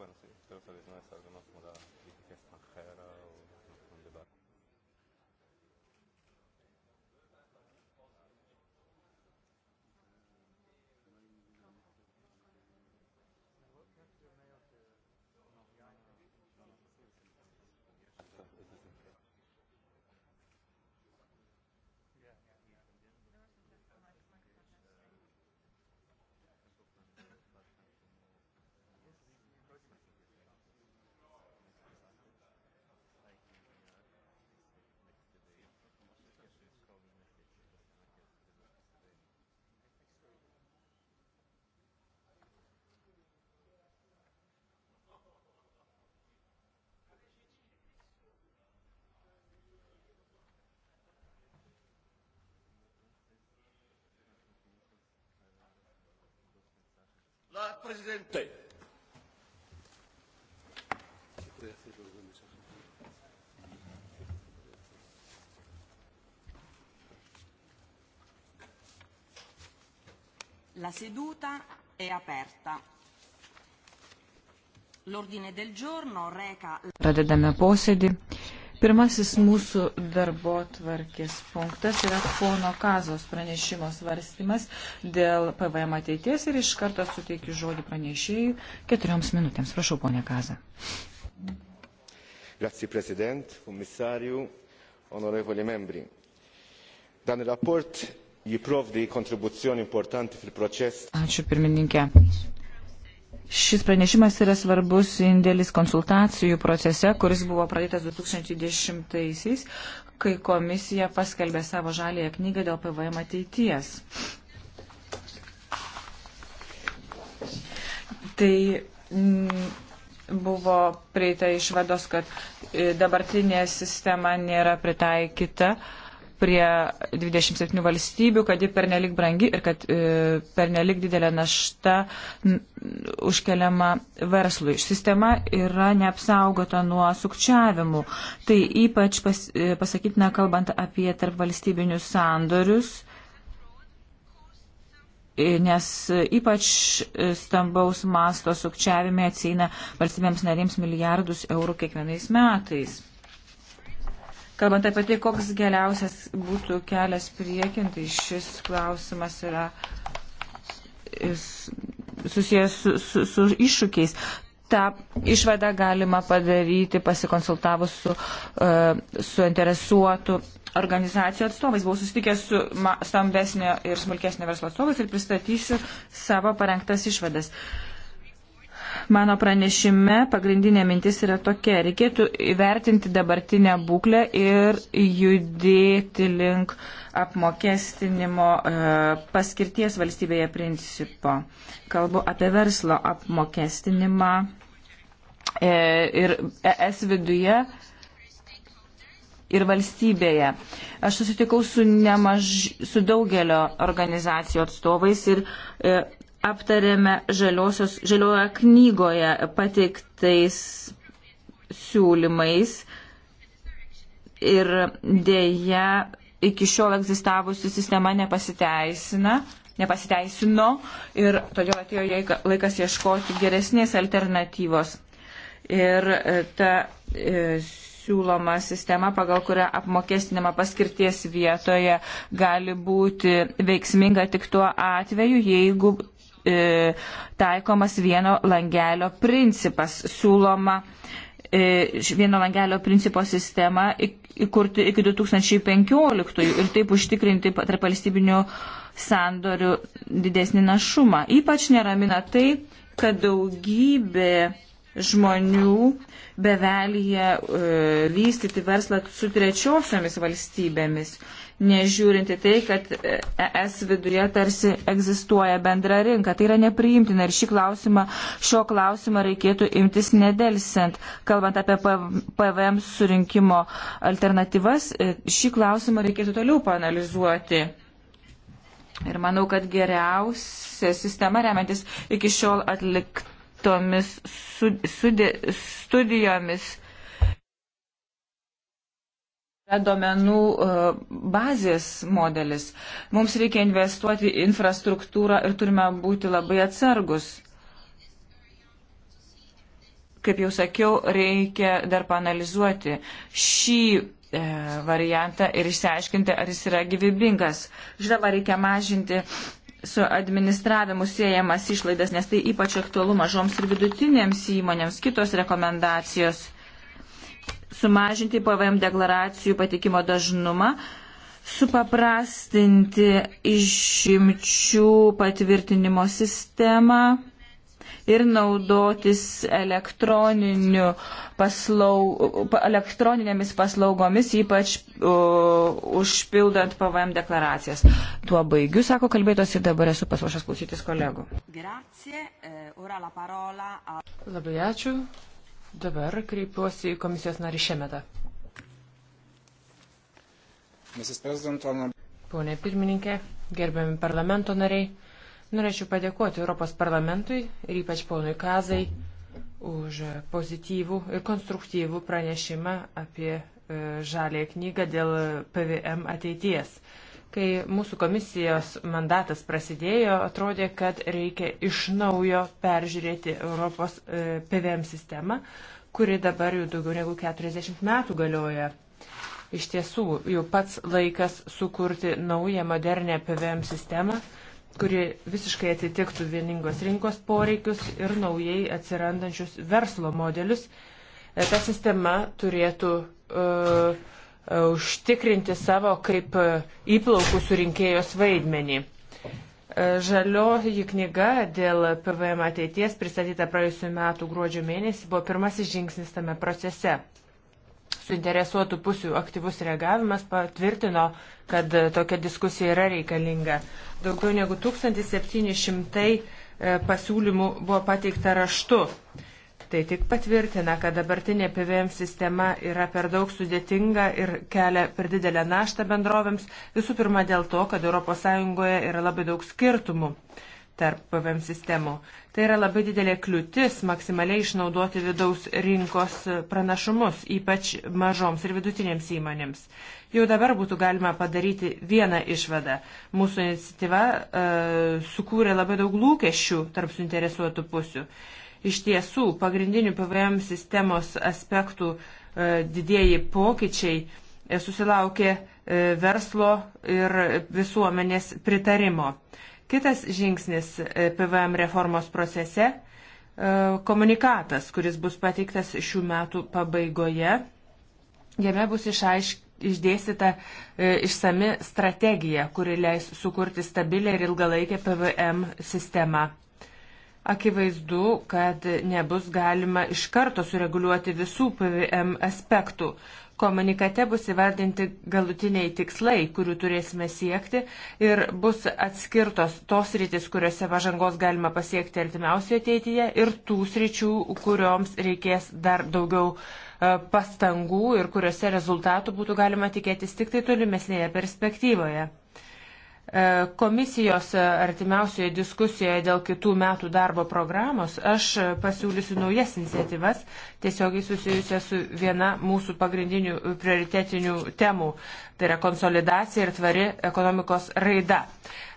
bueno, sí, creo que no es alguna como la política extranjera o La Presidente. La seduta è aperta. L'ordine del giorno reca... Pradedame posėdį. Pirmasis mūsų darbo tvarkės punktas yra Fono Kazos pranešimo svarstymas dėl PVM ateities ir iš karto suteikiu žodį pranešėjui keturioms minutėms. Prašau, ponė Kaza. Grazie, prezident, komisariu, onorevoli membri. Dan raport jiprovdi kontribucijoni importanti fil proces. Ačiū, pirmininkė. Šis pranešimas yra svarbus indėlis konsultacijų procese, kuris buvo pradėtas 2010-aisiais, kai komisija paskelbė savo žalėje knygą dėl PVM ateities. Tai mm, buvo prieita išvados, kad e, dabartinė sistema nėra pritaikyta uh, prie 27 valstybių, kad ji pernelik brangi ir kad e, pernelik didelė našta užkeliama verslui. Sistema yra neapsaugota nuo sukčiavimų. Tai ypač pas, e, pasakytina kalbant apie tarp valstybinius sandorius e, nes ypač stambaus masto sukčiavime atsina valstybėms narėms milijardus eurų kiekvienais metais. Kalbant apie tai, koks geriausias būtų kelias priekin, tai šis klausimas yra susijęs su, su, su iššūkiais. Ta išvada galima padaryti pasikonsultavus su uh, suinteresuotų organizacijų atstovais. Buvau susitikęs su stambesnio ir smulkesnio verslo atstovais ir pristatysiu savo parengtas išvadas. Uh, Mano pranešime pagrindinė mintis yra tokia. Reikėtų įvertinti dabartinę būklę ir judėti link apmokestinimo e, paskirties valstybėje principo. Kalbu apie verslo apmokestinimą e, ir ES viduje ir valstybėje. Aš susitikau su, nemaž, su daugelio organizacijų atstovais ir e, aptarėme žaliosios, žalioje knygoje pateiktais siūlymais ir dėja iki šiol egzistavusi sistema nepasiteisina, nepasiteisino ir todėl atėjo laikas ieškoti geresnės alternatyvos. Ir e, ta e, siūloma sistema, pagal kurią apmokestinama paskirties vietoje gali būti veiksminga tik tuo atveju, jeigu e, taikomas vieno langelio principas, siūloma e, vieno langelio principo sistemą įkurti iki 2015 ir taip užtikrinti tarp valstybinių sandorių didesnį našumą. Ypač neramina tai, kad daugybė žmonių bevelyje e, vystyti verslą su trečiosiomis valstybėmis. E, nežiūrinti tai, kad ES viduje tarsi egzistuoja bendra rinka. Tai yra nepriimtina ir šį klausimą, šio klausimą reikėtų imtis nedelsiant. Kalbant apie PVM surinkimo alternatyvas, e, šį klausimą reikėtų toliau panalizuoti. Ir manau, kad geriausia sistema remiantis iki šiol atliktomis studijomis duomenų e, bazės modelis. Mums reikia investuoti į infrastruktūrą ir turime būti labai atsargus. Kaip jau sakiau, reikia dar panalizuoti šį e, variantą ir išsiaiškinti, ar jis yra gyvybingas. Žinoma, reikia mažinti su administravimu siejamas išlaidas, nes tai ypač aktualu mažoms ir vidutinėms įmonėms. Kitos rekomendacijos sumažinti PVM deklaracijų patikimo dažnumą, supaprastinti išimčių patvirtinimo sistemą ir naudotis paslau, elektroninėmis paslaugomis, ypač uh, užpildant PVM deklaracijas. Tuo baigiu, sako kalbėtos ir dabar esu pasiruošęs klausytis kolegų. Grazie, uh, parola... Labai ačiū. Dabar kreipiuosi į komisijos narį Šemetą. Pone pirmininkė, gerbiami parlamento nariai, norėčiau padėkoti Europos parlamentui ir ypač ponui Kazai už pozityvų ir konstruktyvų pranešimą apie e, žalę knygą dėl PVM ateities. Kai mūsų komisijos mandatas prasidėjo, atrodė, kad reikia iš naujo peržiūrėti Europos e, PVM sistemą, kuri dabar jau daugiau negu 40 metų galioja. Iš tiesų, jau pats laikas sukurti naują modernę PVM sistemą, kuri visiškai atitiktų vieningos rinkos poreikius ir naujai atsirandančius verslo modelius. E, ta sistema turėtų uh, E, užtikrinti savo kaip e, įplaukų surinkėjos vaidmenį. E, žalioji knyga dėl PVM ateities pristatyta praėjusiu metu gruodžio mėnesį buvo pirmasis žingsnis tame procese. Suinteresuotų pusių aktyvus reagavimas patvirtino, kad tokia diskusija yra reikalinga. Daugiau negu 1700 pasiūlymų buvo pateikta raštu faktai tik patvirtina, kad dabartinė PVM sistema yra per daug sudėtinga ir kelia per didelę naštą bendrovėms, visų pirma dėl to, kad ES yra labai daug skirtumų tarp PVM sistemų. Tai yra labai didelė kliūtis maksimaliai išnaudoti vidaus rinkos pranašumus, ypač mažoms ir vidutinėms įmonėms. Jau dabar būtų galima padaryti vieną išvadą. Mūsų iniciatyva e, sukūrė labai daug lūkesčių tarp suinteresuotų pusių. Iš tiesų, pagrindinių PVM sistemos aspektų e, didėjai pokyčiai e, susilaukė e, verslo ir visuomenės pritarimo. Kitas žingsnis PVM reformos procese - komunikatas, kuris bus pateiktas šių metų pabaigoje. Jame bus išaiškinti išdėstyta e, išsami strategija, kuri leis sukurti stabilę ir ilgalaikę PVM sistemą. Akivaizdu, kad nebus galima iš karto sureguliuoti visų PVM aspektų. Komunikate bus įvardinti galutiniai tikslai, kurių turėsime siekti ir bus atskirtos tos rytis, kuriuose pažangos galima pasiekti artimiausioje ateityje ir tų sričių, kurioms reikės dar daugiau e, pastangų ir kuriuose rezultatų būtų galima tikėtis tik tai tolimesnėje perspektyvoje. E, komisijos artimiausioje diskusijoje dėl kitų metų darbo programos aš pasiūlysiu naujas iniciatyvas, tiesiogiai susijusias su viena mūsų pagrindinių prioritetinių temų - tai yra konsolidacija ir tvari ekonomikos raida.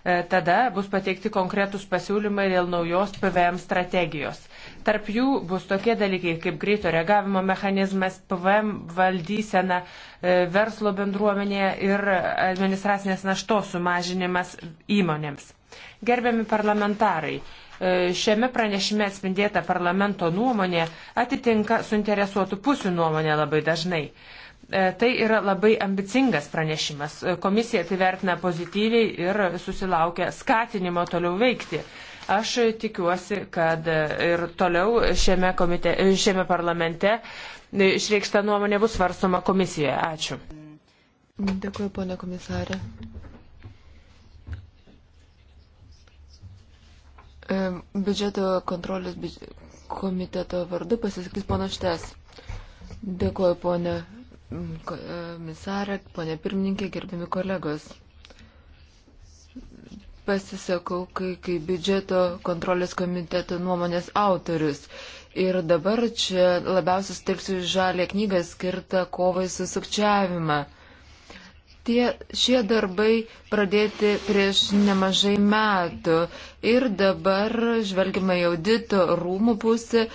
E, tada bus pateikti konkretus pasiūlymai dėl naujos PVM strategijos. Tarp jų bus tokie dalykai kaip greito reagavimo mechanizmas, PVM valdysena e, verslo bendruomenėje ir administracinės naštos sumažinimas įmonėms. Gerbiami parlamentarai, e, šiame pranešime atspindėta parlamento nuomonė atitinka suinteresuotų pusių nuomonė labai dažnai. E, tai yra labai ambicingas pranešimas. Komisija tai vertina pozityviai ir susilaukia skatinimo toliau veikti. Aš tikiuosi, kad ir toliau šiame, komite, šiame parlamente išreikšta nuomonė bus svarstoma komisijoje. Ačiū. Dėkuoju, ponė komisarė. E, biudžeto kontrolės komiteto vardu pasiskris panaštės. Dėkuoju, ponė komisarė, e, ponė pirmininkė, gerbiami kolegos pasisakau kaip kai biudžeto kontrolės komiteto nuomonės autorius. Ir dabar čia labiausiai stilsiu žalę knygą skirtą kovai su sukčiavimą. Tie šie darbai pradėti prieš nemažai metų ir dabar žvelgime į audito rūmų pusę,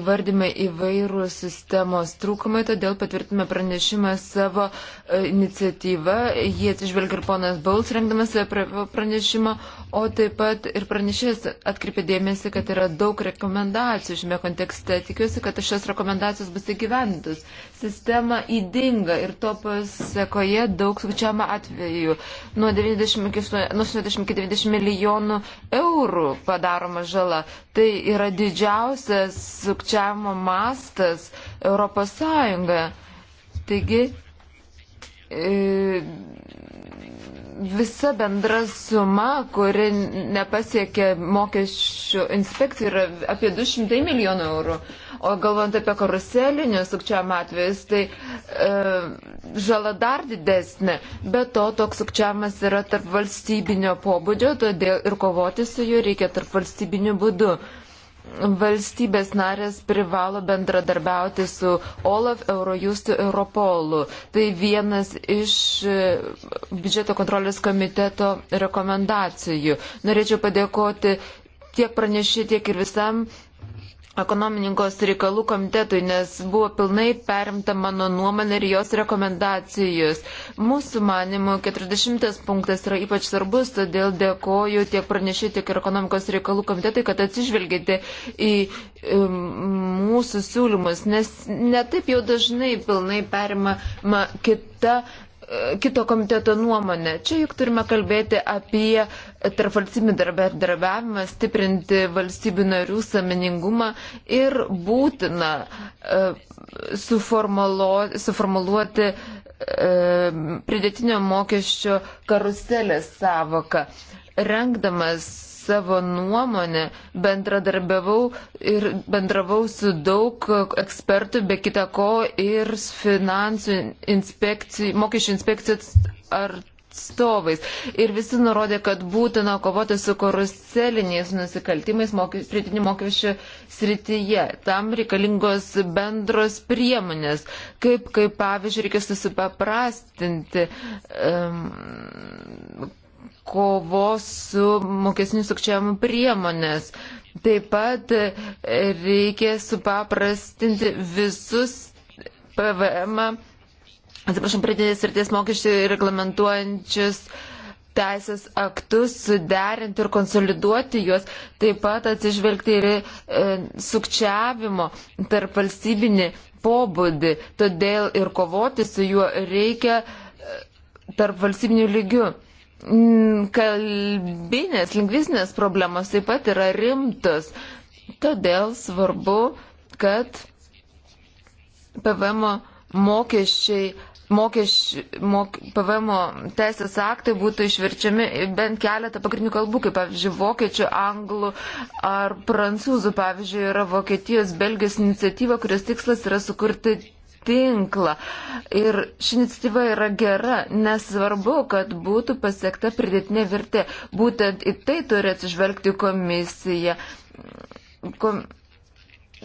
įvardime įvairių sistemos trūkumai, todėl patvirtume pranešimą savo e, iniciatyvą. Jie atsižvelgia ir ponas Bauls rengdamas pranešimą, O taip pat ir pranešėjas atkreipė dėmesį, kad yra daug rekomendacijų šiame kontekste. Tikiuosi, kad šios rekomendacijos bus įgyvendintos. Sistema įdinga ir to pasiekoje daug sukčiama atveju. Nuo 90 iki, nuo 80 iki 90 milijonų eurų padaroma žala. Tai yra didžiausias sukčiavimo mastas Europos Sąjungoje. Taigi, e, visa bendra suma, kuri nepasiekė mokesčių inspekcijų, yra apie 200 milijonų eurų. O galvant apie karuselinių sukčiavimo atvejus, tai e, žala dar didesnė. Be to, toks sukčiavimas yra tarp valstybinio pobūdžio, todėl ir kovoti su juo reikia tarp valstybinių būdų. E, valstybės narės privalo bendradarbiauti su OLAF, Eurojustu, Europolu. Tai vienas iš e, biudžeto kontrolės komiteto rekomendacijų. Norėčiau padėkoti tiek pranešė, tiek ir visam ekonomininkos reikalų komitetui, nes buvo pilnai perimta mano nuomonė ir jos rekomendacijos. Mūsų manimų 40 punktas yra ypač svarbus, todėl dėkoju tiek pranešiai, tiek ir ekonomikos reikalų komitetui, kad atsižvelgėte į mūsų siūlymus, nes netaip jau dažnai pilnai perima kita kito komiteto nuomonę. Čia juk turime kalbėti apie tarpvalstybinį darbiavimą, stiprinti valstybių narių saminingumą ir būtina e, suformuluoti e, pridėtinio mokesčio karuselės savoką. Rengdamas savo nuomonę, bendradarbiavau ir bendravau su daug ekspertų, be kita ko ir finansų inspekcijų, mokesčių inspekcijos atstovais. Ir visi nurodė, kad būtina kovoti su karuseliniais nusikaltimais pritinių mokesčių srityje. Tam reikalingos bendros priemonės, kaip, kaip pavyzdžiui, reikia susipaprastinti. Um, kovos su mokesnių sukčiavimu priemonės. Taip pat reikia supaprastinti visus PVM, atsiprašom, pridėtės ir ties mokesčių reglamentuojančius teisės aktus, suderinti ir konsoliduoti juos, taip pat atsižvelgti ir e, sukčiavimo tarp valstybinį pobūdį. Todėl ir kovoti su juo reikia e, tarp valstybinių lygių. Mm, kalbinės, lingvistinės problemos taip pat yra rimtos. Todėl svarbu, kad PVM mokesčiai, mokesčiai mok, PVM teisės aktai būtų išverčiami bent keletą pagrindinių kalbų, kaip pavyzdžiui, vokiečių, anglų ar prancūzų. Pavyzdžiui, yra Vokietijos, Belgijos iniciatyva, kurios tikslas yra sukurti tinklą. Ir ši iniciatyva yra gera, nesvarbu, kad būtų pasiekta pridėtinė vertė. Būtent į tai turi atsižvelgti komisija. Kom...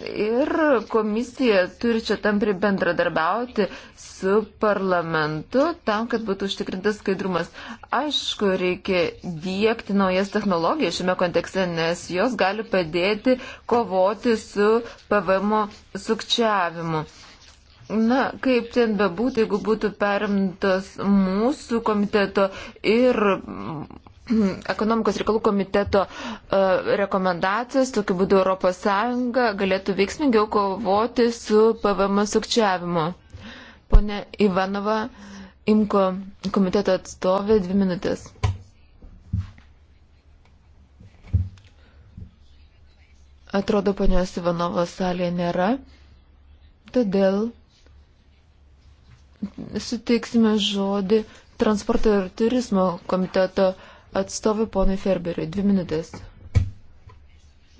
Ir komisija turi čia tampri bendradarbiauti su parlamentu tam, kad būtų užtikrintas skaidrumas. Aišku, reikia dėkti naujas technologijas šiame kontekste, nes jos gali padėti kovoti su PVM sukčiavimu. Na, kaip ten bebūtų, jeigu būtų perimtas mūsų komiteto ir mm, ekonomikos reikalų komiteto uh, rekomendacijas, tokiu būdu ES galėtų veiksmingiau kovoti su PVM sukčiavimu. Pone Ivanova, Imko komiteto atstovė, dvi minutės. Atrodo, ponios Ivanovos salėje nėra, todėl suteiksime žodį transporto ir turizmo komiteto atstovui ponui Ferberiui. Dvi minutės.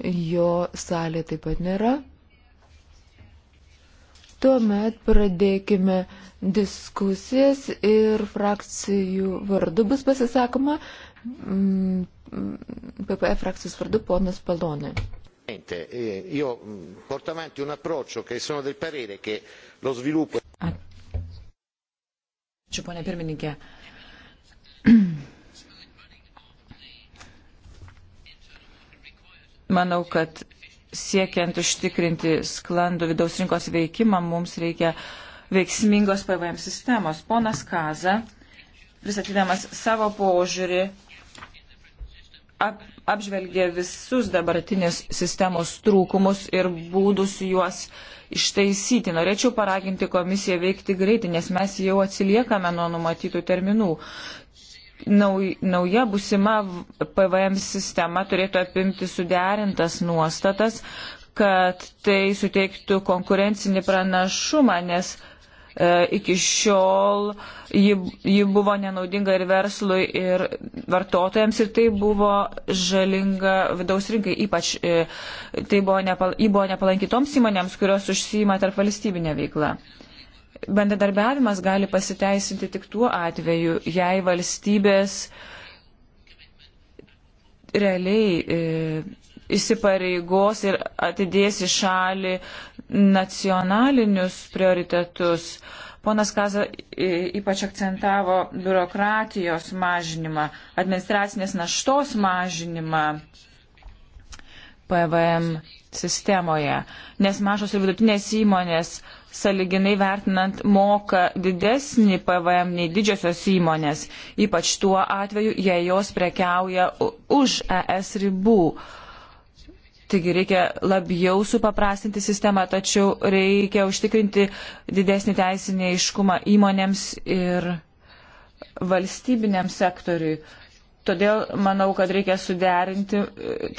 Jo salė taip pat nėra. Tuomet pradėkime diskusijas ir frakcijų vardu bus pasisakoma. Mm, PPE frakcijos vardu ponas Palonė. Eh, io mm, porto avanti un approccio che sono del parere che lo sviluppo Ačiū, ponė pirmininkė. Manau, kad siekiant užtikrinti sklandų vidaus rinkos veikimą, mums reikia veiksmingos PVM sistemos. Ponas Kaza, pristatydamas savo požiūrį, ap, apžvelgė visus dabartinės sistemos trūkumus ir būdus juos uh, ištaisyti. Norėčiau paraginti komisiją veikti greitai, nes mes jau atsiliekame nuo numatytų terminų. Nauja busima PVM sistema turėtų apimti suderintas nuostatas, kad tai suteiktų konkurencinį pranašumą, nes E, iki šiol ji, ji buvo nenaudinga ir verslui, ir vartotojams, ir tai buvo žalinga vidaus rinkai, ypač e, tai buvo, nepal, buvo nepalankytoms įmonėms, kurios užsijima tarp valstybinę veiklą. Bendradarbiavimas gali pasiteisinti tik tuo atveju, jei valstybės realiai e, įsipareigos ir atidės į šalį nacionalinius prioritetus. Ponas Kaza ypač akcentavo biurokratijos mažinimą, administracinės naštos mažinimą PVM sistemoje, nes mažos ir vidutinės įmonės saliginai vertinant moka didesnį PVM nei didžiosios įmonės, ypač tuo atveju, jei jos prekiauja už ES ribų. Uh, Taigi reikia labiau supaprastinti sistemą, tačiau reikia užtikrinti didesnį teisinį aiškumą įmonėms ir valstybiniam sektoriui. Todėl manau, kad reikia suderinti,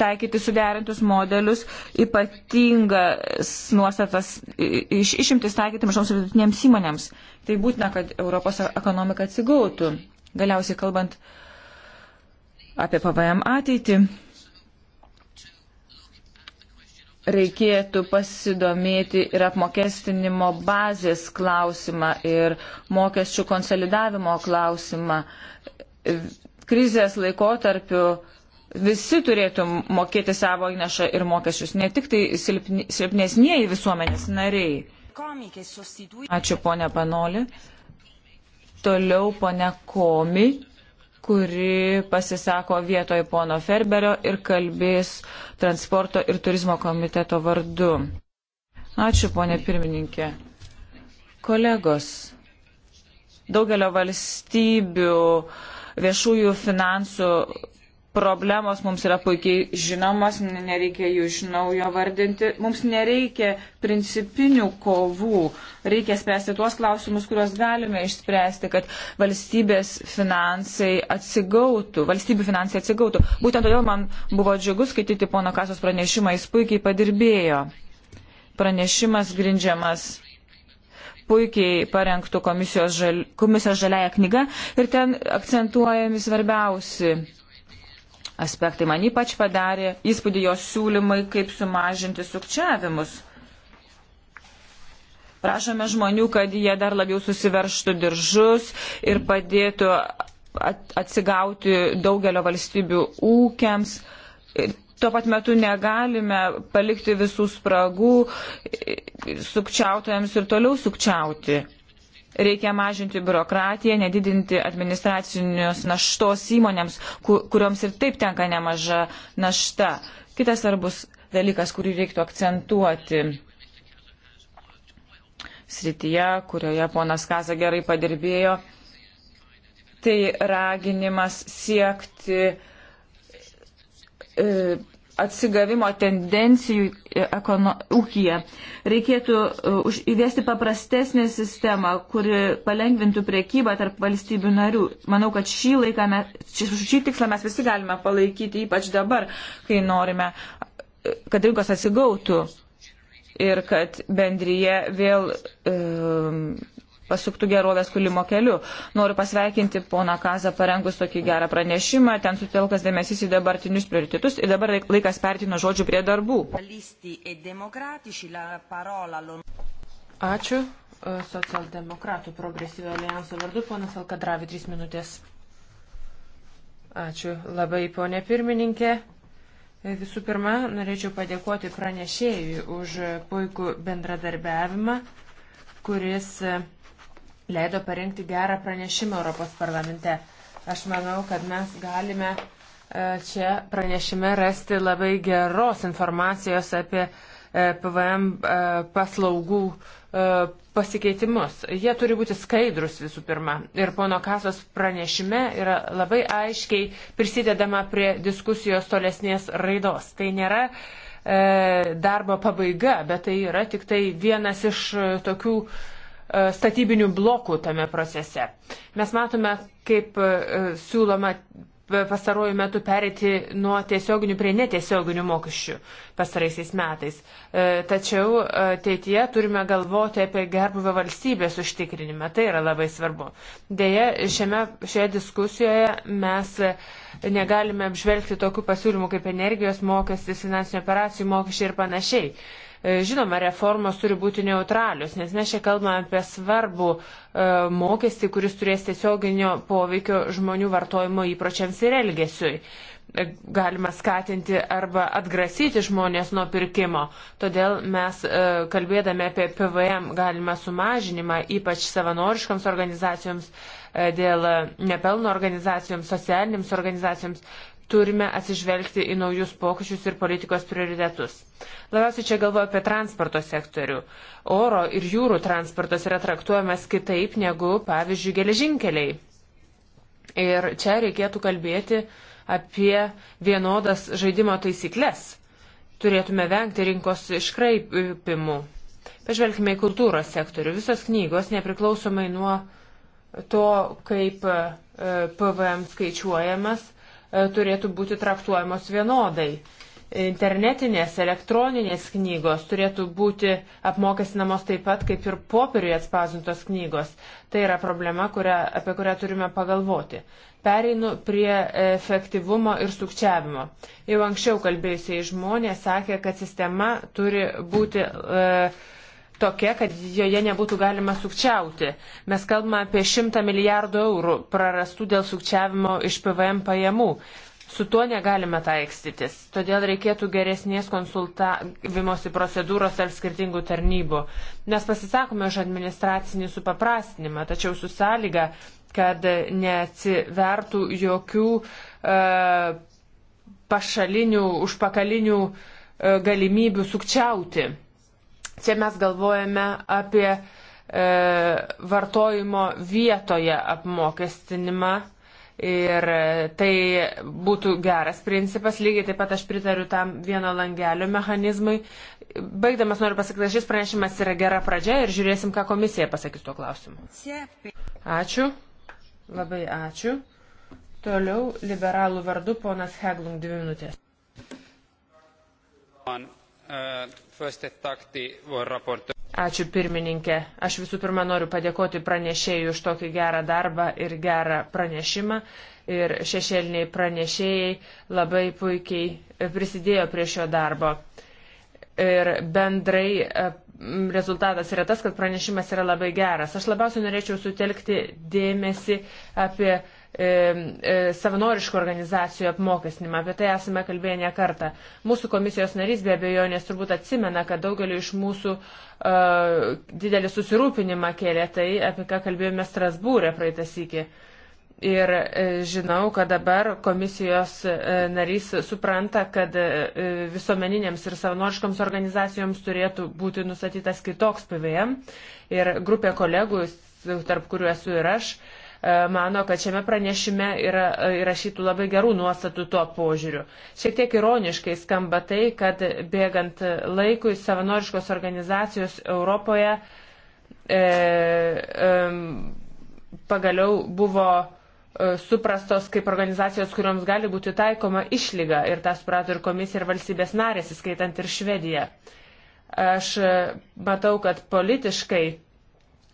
taikyti suderintus modelius, ypatingas nuostatas iš, išimtis taikyti mažoms vidutinėms įmonėms. Tai būtina, kad Europos ekonomika atsigautų. Galiausiai kalbant apie PVM ateitį, reikėtų pasidomėti ir apmokestinimo bazės klausimą ir mokesčių konsolidavimo klausimą. Krizės laikotarpiu visi turėtų mokėti savo įnašą ir mokesčius, ne tik tai silpnesnieji visuomenės nariai. Ačiū ponia Panoli. Toliau ponia Komi kuri pasisako vietoj pono Ferberio ir kalbės transporto ir turizmo komiteto vardu. Ačiū, ponė pirmininkė. Kolegos, daugelio valstybių viešųjų finansų problemos mums yra puikiai žinomas, nereikia jų iš naujo vardinti. Mums nereikia principinių kovų, reikia spręsti tuos klausimus, kuriuos galime išspręsti, kad valstybės finansai atsigautų, valstybių finansai atsigautų. Būtent todėl man buvo džiugu skaityti pono Kasos pranešimą, jis puikiai padirbėjo. Pranešimas grindžiamas puikiai parengtų komisijos, žal, komisijos žaliaja knyga ir ten akcentuojami svarbiausi aspektai. Man ypač padarė įspūdį jos siūlymai, kaip sumažinti sukčiavimus. Prašome žmonių, kad jie dar labiau susiverštų diržus ir padėtų atsigauti daugelio valstybių ūkiams. Ir tuo pat metu negalime palikti visų spragų sukčiautojams ir toliau sukčiauti. Reikia mažinti biurokratiją, nedidinti administracinius naštos įmonėms, kurioms ir taip tenka nemaža našta. Kitas svarbus dalykas, kurį reiktų akcentuoti srityje, kurioje ponas Kaza gerai padirbėjo, tai raginimas siekti e, atsigavimo tendencijų e, ekono, ūkija. Reikėtų uh, įvesti paprastesnę sistemą, kuri palengvintų priekybą tarp valstybių narių. Manau, kad šį, laiką mes, šį, šį tikslą mes visi galime palaikyti, ypač dabar, kai norime, e, kad rinkos atsigautų ir kad bendryje vėl. Um, uh, pasuktų gerovės kūlimo keliu. Noriu pasveikinti poną Kazą parengus tokį gerą pranešimą, ten sutelkas dėmesys į dabartinius prioritetus ir dabar laikas perti nuo žodžių prie darbų. E Ačiū. E, socialdemokratų progresyvio alijanso vardu, ponas Alkadravi, trys minutės. Ačiū labai, ponė pirmininkė. E, visų pirma, norėčiau padėkoti pranešėjui už puikų bendradarbiavimą, kuris leido parengti gerą pranešimą Europos parlamente. Aš manau, kad mes galime e, čia pranešime rasti labai geros informacijos apie e, PVM e, paslaugų pasikeitimus. Jie turi būti skaidrus visų pirma. Ir pono Kasos pranešime yra labai aiškiai prisidedama prie diskusijos tolesnės raidos. Tai nėra darbo pabaiga, bet tai yra tik tai vienas iš tokių uh, E, statybinių blokų tame procese. Mes matome, kaip e, siūloma e, pastaruoju metu perėti nuo tiesioginių prie netiesioginių mokesčių pastaraisiais metais. Tačiau ateityje turime galvoti apie gerbuvę valstybės užtikrinimą. Tai yra labai svarbu. Deja, šiame, šioje diskusijoje mes negalime apžvelgti tokių pasiūlymų kaip energijos mokestis, finansinių operacijų mokesčiai ir panašiai. E, žinoma, reformos turi būti neutralios, nes mes čia kalbame apie svarbų e, mokestį, kuris turės tiesioginio poveikio žmonių vartojimo įpročiams ir elgesiui. E, galima skatinti arba atgrasyti žmonės nuo pirkimo. Todėl mes, kalbėdami apie PVM galima sumažinimą, ypač savanoriškams organizacijoms, dėl nepelno organizacijoms, socialinėms organizacijoms, turime atsižvelgti į naujus pokyčius ir politikos prioritetus. Labiausiai čia galvoju apie transporto sektorių. Oro ir jūrų transportas yra traktuojamas kitaip negu, pavyzdžiui, geležinkeliai. Ir čia reikėtų kalbėti apie vienodas žaidimo taisyklės. Turėtume vengti rinkos iškraipimų. Pažvelkime į kultūros sektorių. Visos knygos, nepriklausomai nuo to, kaip e, PVM skaičiuojamas, E, turėtų būti traktuojamos vienodai. Internetinės, elektroninės knygos turėtų būti apmokestinamos taip pat, kaip ir popieriuje atspausintos knygos. Tai yra problema, kurią, apie kurią turime pagalvoti. Pereinu prie efektyvumo ir sukčiavimo. Jau anksčiau kalbėjusiai žmonės sakė, kad sistema turi būti. E, tokia, kad joje nebūtų galima sukčiauti. Mes kalbame apie 100 milijardų eurų prarastų dėl sukčiavimo iš PVM pajamų. Su tuo negalime taikstytis. Todėl reikėtų geresnės konsultavimosi procedūros ar skirtingų tarnybų. Mes pasisakome už administracinį supaprastinimą, tačiau su sąlyga, kad neatsivertų jokių e, pašalinių, užpakalinių e, galimybių sukčiauti Čia mes galvojame apie e, vartojimo vietoje apmokestinimą. Ir e, tai būtų geras principas, lygiai taip pat aš pritariu tam vieno langelio mechanizmui. Baigdamas noriu pasakyti, šis pranešimas yra gera pradžia ir žiūrėsim, ką komisija pasakys tuo klausimu. Ačiū. Labai ačiū. Toliau liberalų vardu ponas Heglung dvi minutės. Ačiū pirmininkė. Aš visų pirma noriu padėkoti pranešėjui už tokį gerą darbą ir gerą pranešimą. Ir šešėliniai pranešėjai labai puikiai e, prisidėjo prie šio darbo. Ir bendrai e, rezultatas yra tas, kad pranešimas yra labai geras. Aš labiausiai norėčiau sutelkti dėmesį apie E, e, savanoriškų organizacijų apmokestinimą. Apie tai esame kalbėję ne kartą. Mūsų komisijos narys be abejo, nes turbūt atsimena, kad daugeliu iš mūsų uh, didelį susirūpinimą kėlė tai, apie ką kalbėjome Strasbūrė praeitą sykį. Ir žinau, kad dabar komisijos narys supranta, kad visuomeninėms ir savanoriškoms organizacijoms turėtų būti nustatytas kitoks PVM. Ir grupė kolegų, tarp kurių esu ir aš, uh, E, mano, kad šiame pranešime yra e, įrašytų labai gerų nuostatų tuo požiūriu. Šiek tiek ironiškai skamba tai, kad bėgant laikui savanoriškos organizacijos Europoje e, e, pagaliau buvo e, suprastos kaip organizacijos, kuriuoms gali būti taikoma išlyga ir tą suprato ir komisija, ir valstybės narės, įskaitant ir Švediją. Aš matau, kad politiškai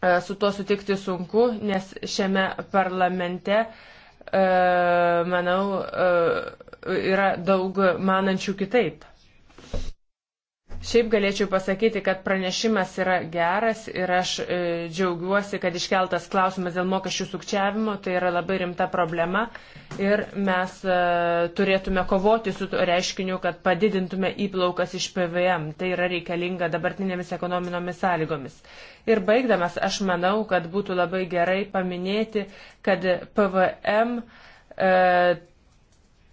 E, su tuo sutikti sunku, nes šiame parlamente, e, manau, e, yra daug manančių kitaip. Šiaip galėčiau pasakyti, kad pranešimas yra geras ir aš e, džiaugiuosi, kad iškeltas klausimas dėl mokesčių sukčiavimo, tai yra labai rimta problema ir mes e, turėtume kovoti su reiškiniu, kad padidintume įplaukas iš PVM. Tai yra reikalinga dabartinėmis ekonominomis sąlygomis. Ir baigdamas, aš manau, kad būtų labai gerai paminėti, kad PVM e,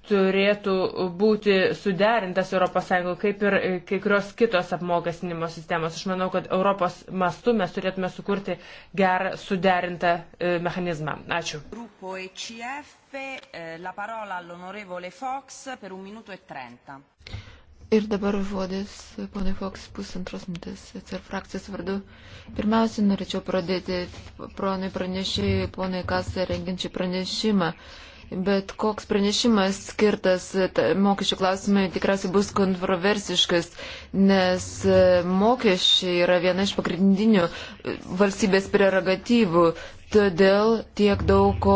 turėtų būti suderintas ES kaip ir e, kai kurios kitos apmokestinimo sistemos. Aš manau, kad Europos mastu mes turėtume sukurti gerą suderintą e, mechanizmą. Ačiū. E ir dabar žodis, ponai Fox, pusantros minutės ir frakcijos vardu. Pirmiausia, norėčiau pradėti ponai pranešėjai, ponai Kasa rengiančiai pranešimą. Uh, bet koks pranešimas skirtas mokesčių klausimai tikriausiai bus kontroversiškas, nes e, mokesčiai yra viena iš pagrindinių e, valstybės prerogatyvų, todėl tiek daug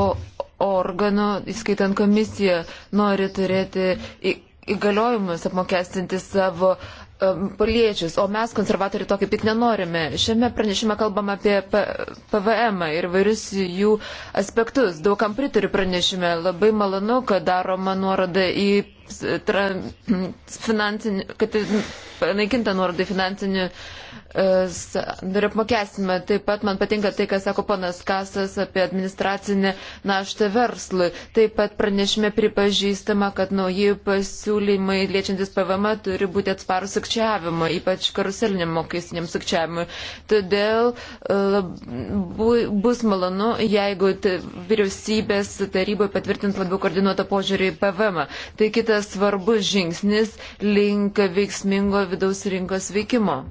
organų, įskaitant komisiją, nori turėti įgaliojimus apmokestinti savo uh, Um, paliečius, o mes konservatoriai tokio tik nenorime. Šiame pranešime kalbam apie PVM ir vairius jų aspektus. Daugam pritariu pranešime. Labai malonu, kad daroma nuoroda į finansinį, kad naikinta nuoroda į finansinį ir e, apmokestinimą. Taip pat man patinka tai, ką sako ponas Kasas apie administracinę naštą verslui. Taip pat pranešime pripažįstama, kad nauji pasiūlymai liečiantis PVM turi būti atsparus sukčiavimui, ypač karuseliniam mokestiniam sukčiavimui. Todėl e, lab, bu, bus malonu, jeigu vyriausybės taryboje patvirtint labiau koordinuotą požiūrį į PVM. Tai kitas svarbus žingsnis link veiksmingo vidaus rinkos veikimo.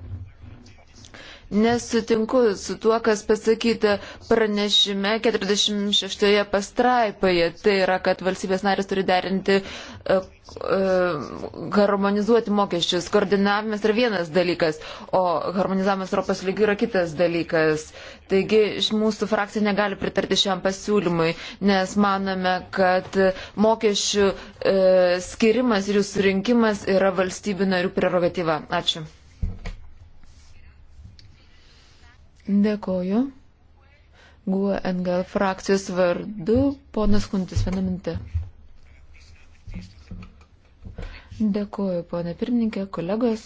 Nesutinku su tuo, kas pasakyta pranešime 46 pastraipoje. Tai yra, kad valstybės narės turi derinti, uh, uh, harmonizuoti mokesčius. Koordinavimas yra vienas dalykas, o harmonizavimas Europos lygių yra kitas dalykas. Taigi iš mūsų frakcija negali pritarti šiam pasiūlymui, nes manome, kad mokesčių uh, skirimas ir jų surinkimas yra valstybių narių prerogatyva. Ačiū. Dėkoju. GUE NGL frakcijos vardu, ponas Kuntis, vieną mintę. Dėkoju, ponė pirmininkė, kolegos.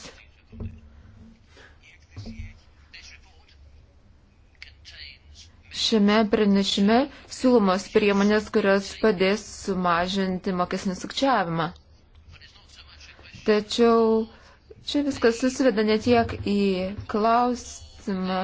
Šiame pranešime siūlomos priemonės, kurios padės sumažinti mokesnį sukčiavimą. Tačiau čia viskas susiveda ne tiek į klausimą,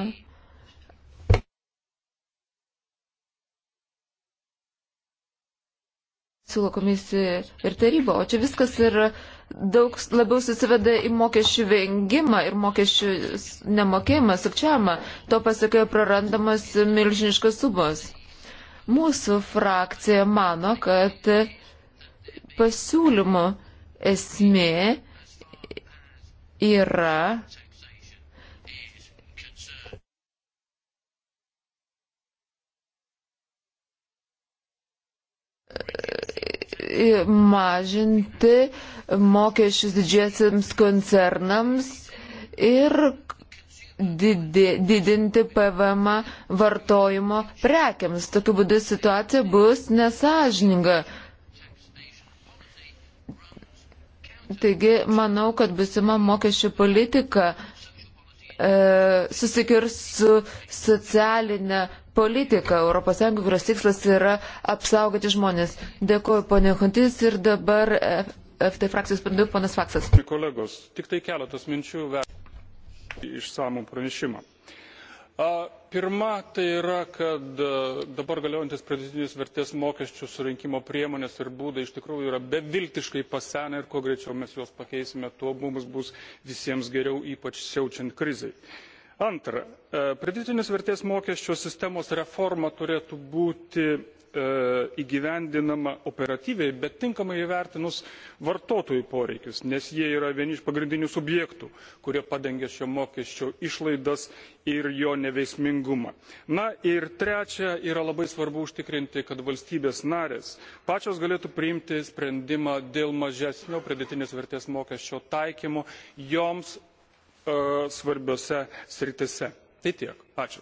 siūlo komisija ir taryba, o čia viskas yra daug labiau susiveda į mokesčių vengimą ir mokesčių nemokėjimą, sukčiavimą. To pasiekia prarandamas milžiniškas subos. Mūsų frakcija mano, kad pasiūlymo esmė yra mažinti mokesčius didžiesiams koncernams ir didi, didinti PVM vartojimo prekiams. Tokiu būdu situacija bus nesažininga. Taigi, manau, kad busima mokesčių politika e, susikirs su socialinė politika ES, kurios tikslas yra apsaugoti žmonės. Dėkuoju, ponė Huntis, ir dabar FT frakcijos sprendimu ponas Faksas. Kolegos, tik tai keletas minčių išsamų pranešimą. Pirma, tai yra, kad dabar galiojantis pridėtinės vertės mokesčių surinkimo priemonės ir būdai iš tikrųjų yra beviltiškai pasenę ir kuo greičiau mes juos pakeisime, tuo mums bus visiems geriau, ypač siaučiant krizai antra e, pridėtinės vertės mokesčio sistemos reforma turėtų būti e, įgyvendinama operatyviai bet tinkamai įvertinus vartotojų poreikius nes jie yra vieni iš pagrindinių subjektų kurie padengia šio mokesčio išlaidas ir jo neveiksmingumą. na ir trečia yra labai svarbu užtikrinti kad valstybės narės pačios galėtų priimti sprendimą dėl mažesnio pridėtinės vertės mokesčio taikymo joms E, svarbiose sritise. Tai tiek. Ačiū.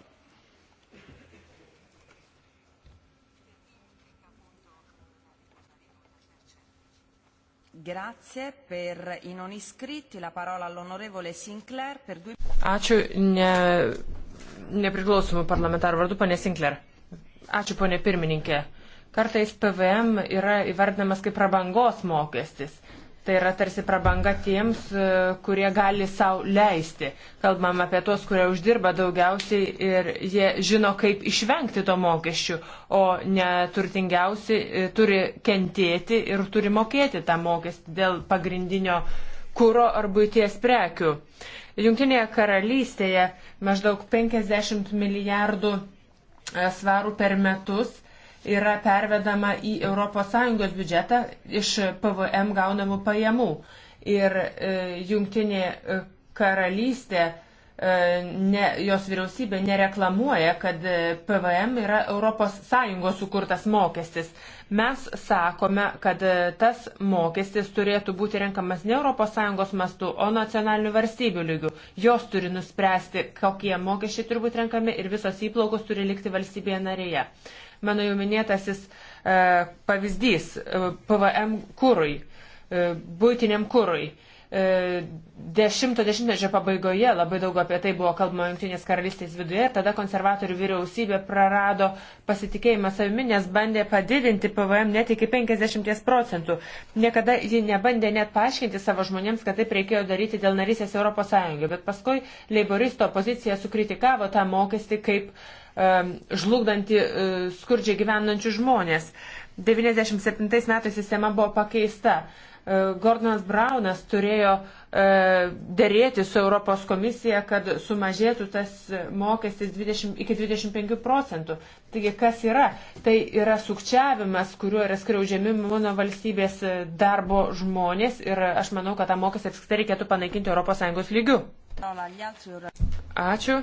Grazie per i non iscritti. La parola all'onorevole Sinclair per due Ačiū ne, nepriklausomų parlamentarų vardu, ponė Sinclair. Ačiū, ponė pirmininkė. Kartais PVM yra įvardinamas kaip prabangos mokestis. Tai yra tarsi prabanga tiems, e, kurie gali savo leisti. Kalbam apie tuos, kurie uždirba daugiausiai ir jie žino, kaip išvengti to mokesčių, o neturtingiausi e, turi kentėti ir turi mokėti tą mokestį dėl pagrindinio kūro ar būties prekių. Junktinėje karalystėje maždaug 50 milijardų e, svarų per metus yra pervedama į ES biudžetą iš PVM gaunamų pajamų. Ir e, jungtinė e, karalystė, e, ne, jos vyriausybė nereklamuoja, kad e, PVM yra ES sukurtas mokestis. Mes sakome, kad e, tas mokestis turėtų būti renkamas ne ES mastu, o nacionalinių valstybių lygių. Jos turi nuspręsti, kokie mokesčiai turi būti renkami ir visos įplaukos turi likti valstybėje narėje mano jau minėtasis e, pavyzdys e, PVM kūrui, e, būtiniam kūrui. E, dešimto dešimtmečio pabaigoje labai daug apie tai buvo kalbama Junktinės karalystės viduje ir tada konservatorių vyriausybė prarado pasitikėjimą savimi, nes bandė padidinti PVM net iki 50 procentų. Niekada ji nebandė net paaiškinti savo žmonėms, kad taip reikėjo daryti dėl narysės Europos Sąjungoje, bet paskui leiboristo opozicija sukritikavo tą mokestį kaip um, žlugdantį uh, skurdžiai gyvenančių žmonės. 97 metais sistema buvo pakeista. E, Gordonas Braunas turėjo e, dėrėti su Europos komisija, kad sumažėtų tas mokestis 20, iki 25 procentų. Taigi kas yra? Tai yra sukčiavimas, kuriuo yra skriaudžiami mano valstybės darbo žmonės ir aš manau, kad tą mokestį apskritai reikėtų panaikinti ES lygių. Ačiū.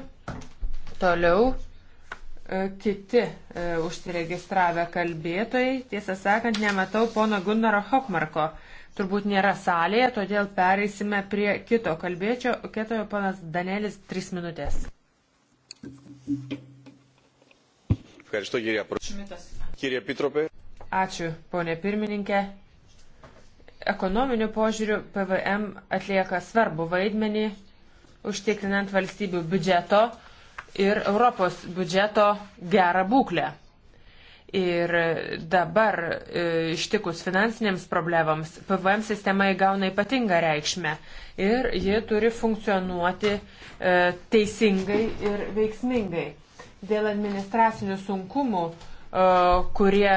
Toliau e, kiti užsiregistravę kalbėtojai. Tiesą sakant, nematau pono Gunnaro Hokmarko turbūt nėra salėje, todėl pereisime prie kito kalbėčio. Kitojo panas Danelis, trys minutės. Ačiū, ponė pirmininkė. Ekonominiu požiūriu PVM atlieka svarbu vaidmenį, užtikrinant valstybių biudžeto ir Europos biudžeto gerą būklę. Ir dabar e, ištikus finansinėms problemams PVM sistema įgauna ypatingą reikšmę ir ji turi funkcionuoti e, teisingai ir veiksmingai. Dėl administracinių sunkumų, e, kurie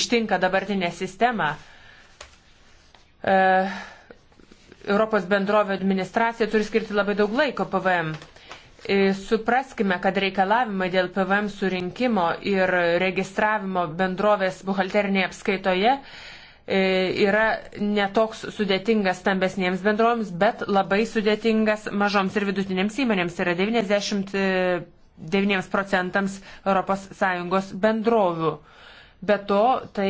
ištinka dabartinę sistemą, Europos bendrovio administracija turi skirti labai daug laiko PVM E, supraskime, kad reikalavimai dėl PVM surinkimo ir registravimo bendrovės buhalterinėje apskaitoje e, yra netoks sudėtingas stambesniems bendrovėms, bet labai sudėtingas mažoms ir vidutinėms įmonėms. Tai yra 99 e, procentams ES bendrovių. Be to, tai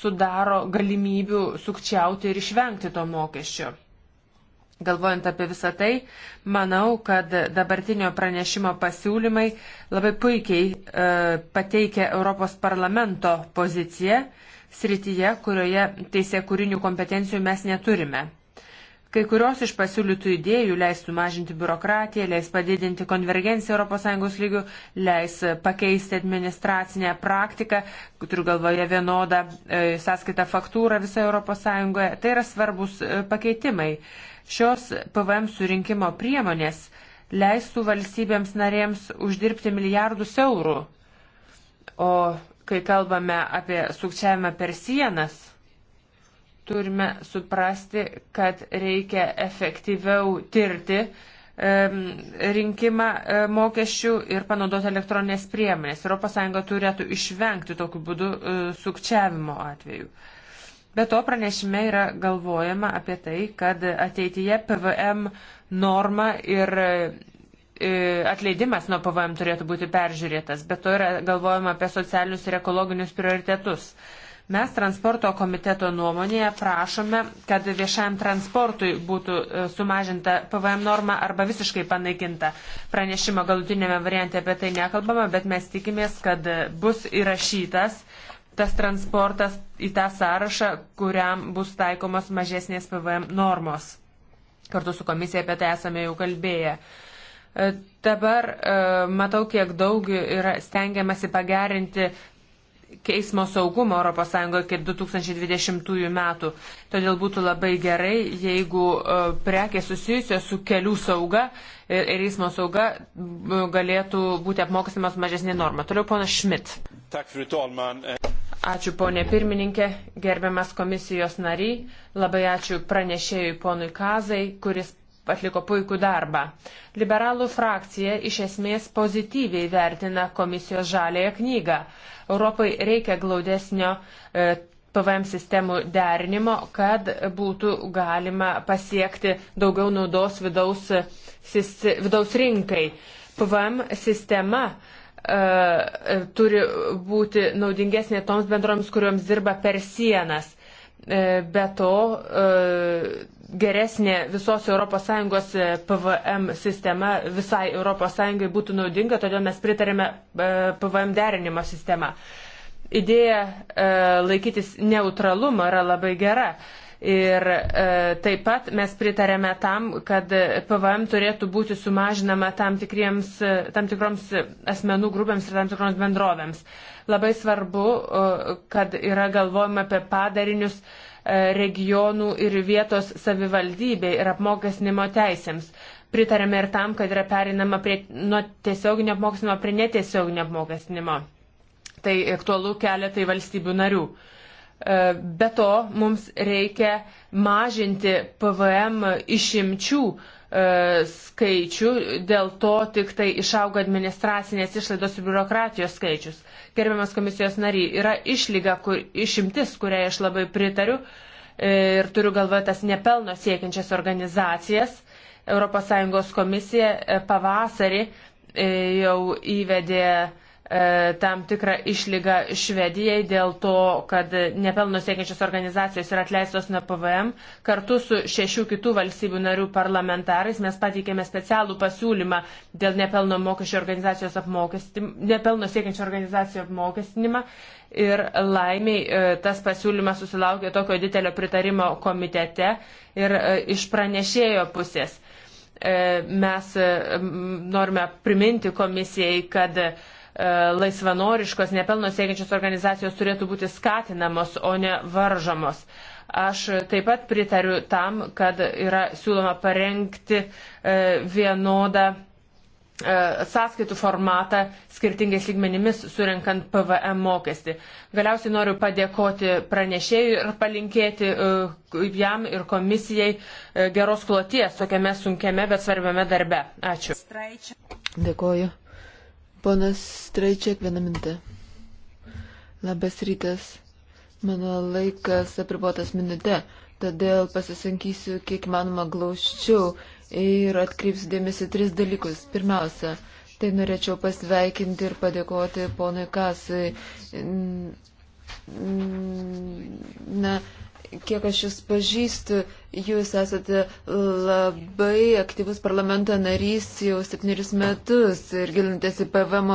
sudaro galimybių sukčiauti ir išvengti to mokesčio. Galvojant apie visą tai, manau, kad dabartinio pranešimo pasiūlymai labai puikiai e, pateikia Europos parlamento poziciją srityje, kurioje teisė kūrinių kompetencijų mes neturime. Kai kurios iš pasiūlytų idėjų leis sumažinti biurokratiją, leis padidinti konvergenciją ES lygių, leis pakeisti administracinę praktiką, turiu galvoje vienodą e, sąskaitą faktūrą visoje ES. Tai yra svarbus e, pakeitimai. E, Šios PVM surinkimo priemonės leistų valstybėms narėms uždirbti milijardus eurų. O kai kalbame apie sukčiavimą per sienas, turime suprasti, kad reikia efektyviau tirti rinkimą e, mokesčių ir panaudoti elektroninės priemonės. ES turėtų išvengti tokiu būdu e, sukčiavimo atveju. Be to pranešime yra galvojama apie tai, kad ateityje PVM norma ir e, atleidimas nuo PVM turėtų būti peržiūrėtas, bet to yra galvojama apie socialinius ir ekologinius prioritetus. Mes transporto komiteto nuomonėje prašome, kad viešajam transportui būtų e, sumažinta PVM norma arba visiškai panaikinta. Pranešimo galutinėme variante apie tai nekalbama, bet mes tikimės, kad bus įrašytas tas transportas į tą sąrašą, kuriam bus taikomos mažesnės PVM normos. Kartu su komisija apie tai esame jau kalbėję. E, dabar e, matau, kiek daug yra stengiamasi pagerinti eismo saugumo ES iki 2020 metų. Todėl būtų labai gerai, jeigu e, prekės susijusios su kelių sauga ir eismo sauga galėtų būti apmokestimas mažesnė norma. Toliau, ponas Šmit. Tak, Ačiū ponė pirmininkė, gerbiamas komisijos nariai, labai ačiū pranešėjui ponui Kazai, kuris atliko puikų darbą. Liberalų frakcija iš esmės pozityviai vertina komisijos žalėją knygą. Europai reikia glaudesnio e, PVM sistemų derinimo, kad būtų galima pasiekti daugiau naudos vidaus, sis, vidaus rinkai. PVM sistema e, E, turi būti naudingesnė toms bendroms, kuriuoms dirba per sienas. E, be to, e, geresnė visos ES PVM sistema visai ES būtų naudinga, todėl mes pritarėme PVM derinimo sistemą. Idėja laikytis neutralumo yra labai gera Ir e, taip pat mes pritarėme tam, kad PVM turėtų būti sumažinama tam, tikriems, e, tam tikroms asmenų grupėms ir tam tikroms bendrovėms. Labai svarbu, e, kad yra galvojama apie padarinius e, regionų ir vietos savivaldybei ir apmokesnimo teisėms pritarėme ir tam, kad yra perinama prie, nuo tiesioginio apmokestinimo prie netiesioginio apmokestinimo. Tai aktualu keletai valstybių narių. Uh, E, be to, mums reikia mažinti PVM išimčių e, skaičių, dėl to tik tai išauga administracinės išlaidos ir biurokratijos skaičius. Gerbiamas komisijos nariai, yra išlyga, kur, išimtis, kuriai aš labai pritariu e, ir turiu galvoje tas nepelno siekiančias organizacijas. ES komisija pavasarį jau įvedė E, tam tikrą išlygą Švedijai dėl to, kad nepelno siekiančios organizacijos yra atleistos nuo PVM. Kartu su šešių kitų valstybių narių parlamentarais mes pateikėme specialų pasiūlymą dėl nepelno, organizacijos nepelno siekiančių organizacijų apmokestinimą. Ir laimiai e, tas pasiūlymas susilaukė tokio didelio pritarimo komitete ir e, iš pranešėjo pusės. Mes norime priminti komisijai, kad E, laisvanoriškos, nepelno siekiančios organizacijos turėtų būti skatinamos, o ne varžomos. Aš taip pat pritariu tam, kad yra siūloma parengti e, vienodą e, sąskaitų formatą skirtingais lygmenimis surinkant PVM mokestį. Galiausiai noriu padėkoti pranešėjui ir palinkėti jam ir komisijai geros kloties tokiame sunkiame, bet svarbiame darbe. Ačiū. Dėkoju. Ponas Straičiak, vieną minutę. Labas rytas. Mano laikas apribotas minute, todėl pasisankysiu kiek manoma glaučiau ir atkreipsiu dėmesį tris dalykus. Pirmiausia, tai norėčiau pasveikinti ir padėkoti ponui Kasai. Na, kiek aš jūs pažįstu, jūs esate labai aktyvus parlamento narys jau septynerius metus ir gilintės į PVM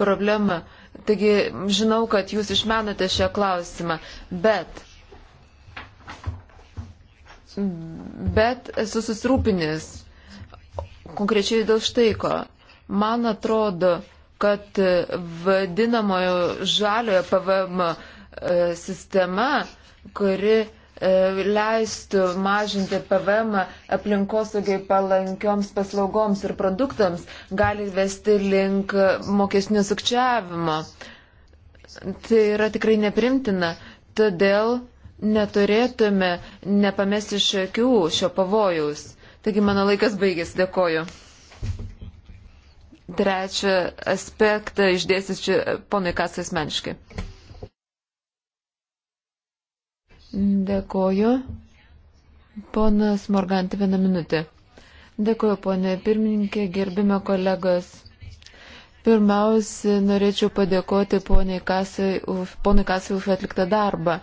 problemą. Taigi žinau, kad jūs išmenote šią klausimą, bet. Bet esu susirūpinęs konkrečiai dėl štai ko. Man atrodo, kad vadinamojo žaliojo PVM e, sistema uh, kuri e, leistų mažinti PVM aplinkosaugai palankioms paslaugoms ir produktams, gali vesti link mokesnių sukčiavimo. Tai yra tikrai neprimtina. Todėl neturėtume nepamesti iš akių šio pavojaus. Taigi mano laikas baigėsi, dėkoju. Trečią aspektą išdėsiu ponui Kasai asmeniškai. Dėkoju. Ponas Morganti, vieną minutę. Dėkoju, ponė pirmininkė, gerbime kolegos. Pirmiausia, norėčiau padėkoti ponui Kasui už atliktą darbą.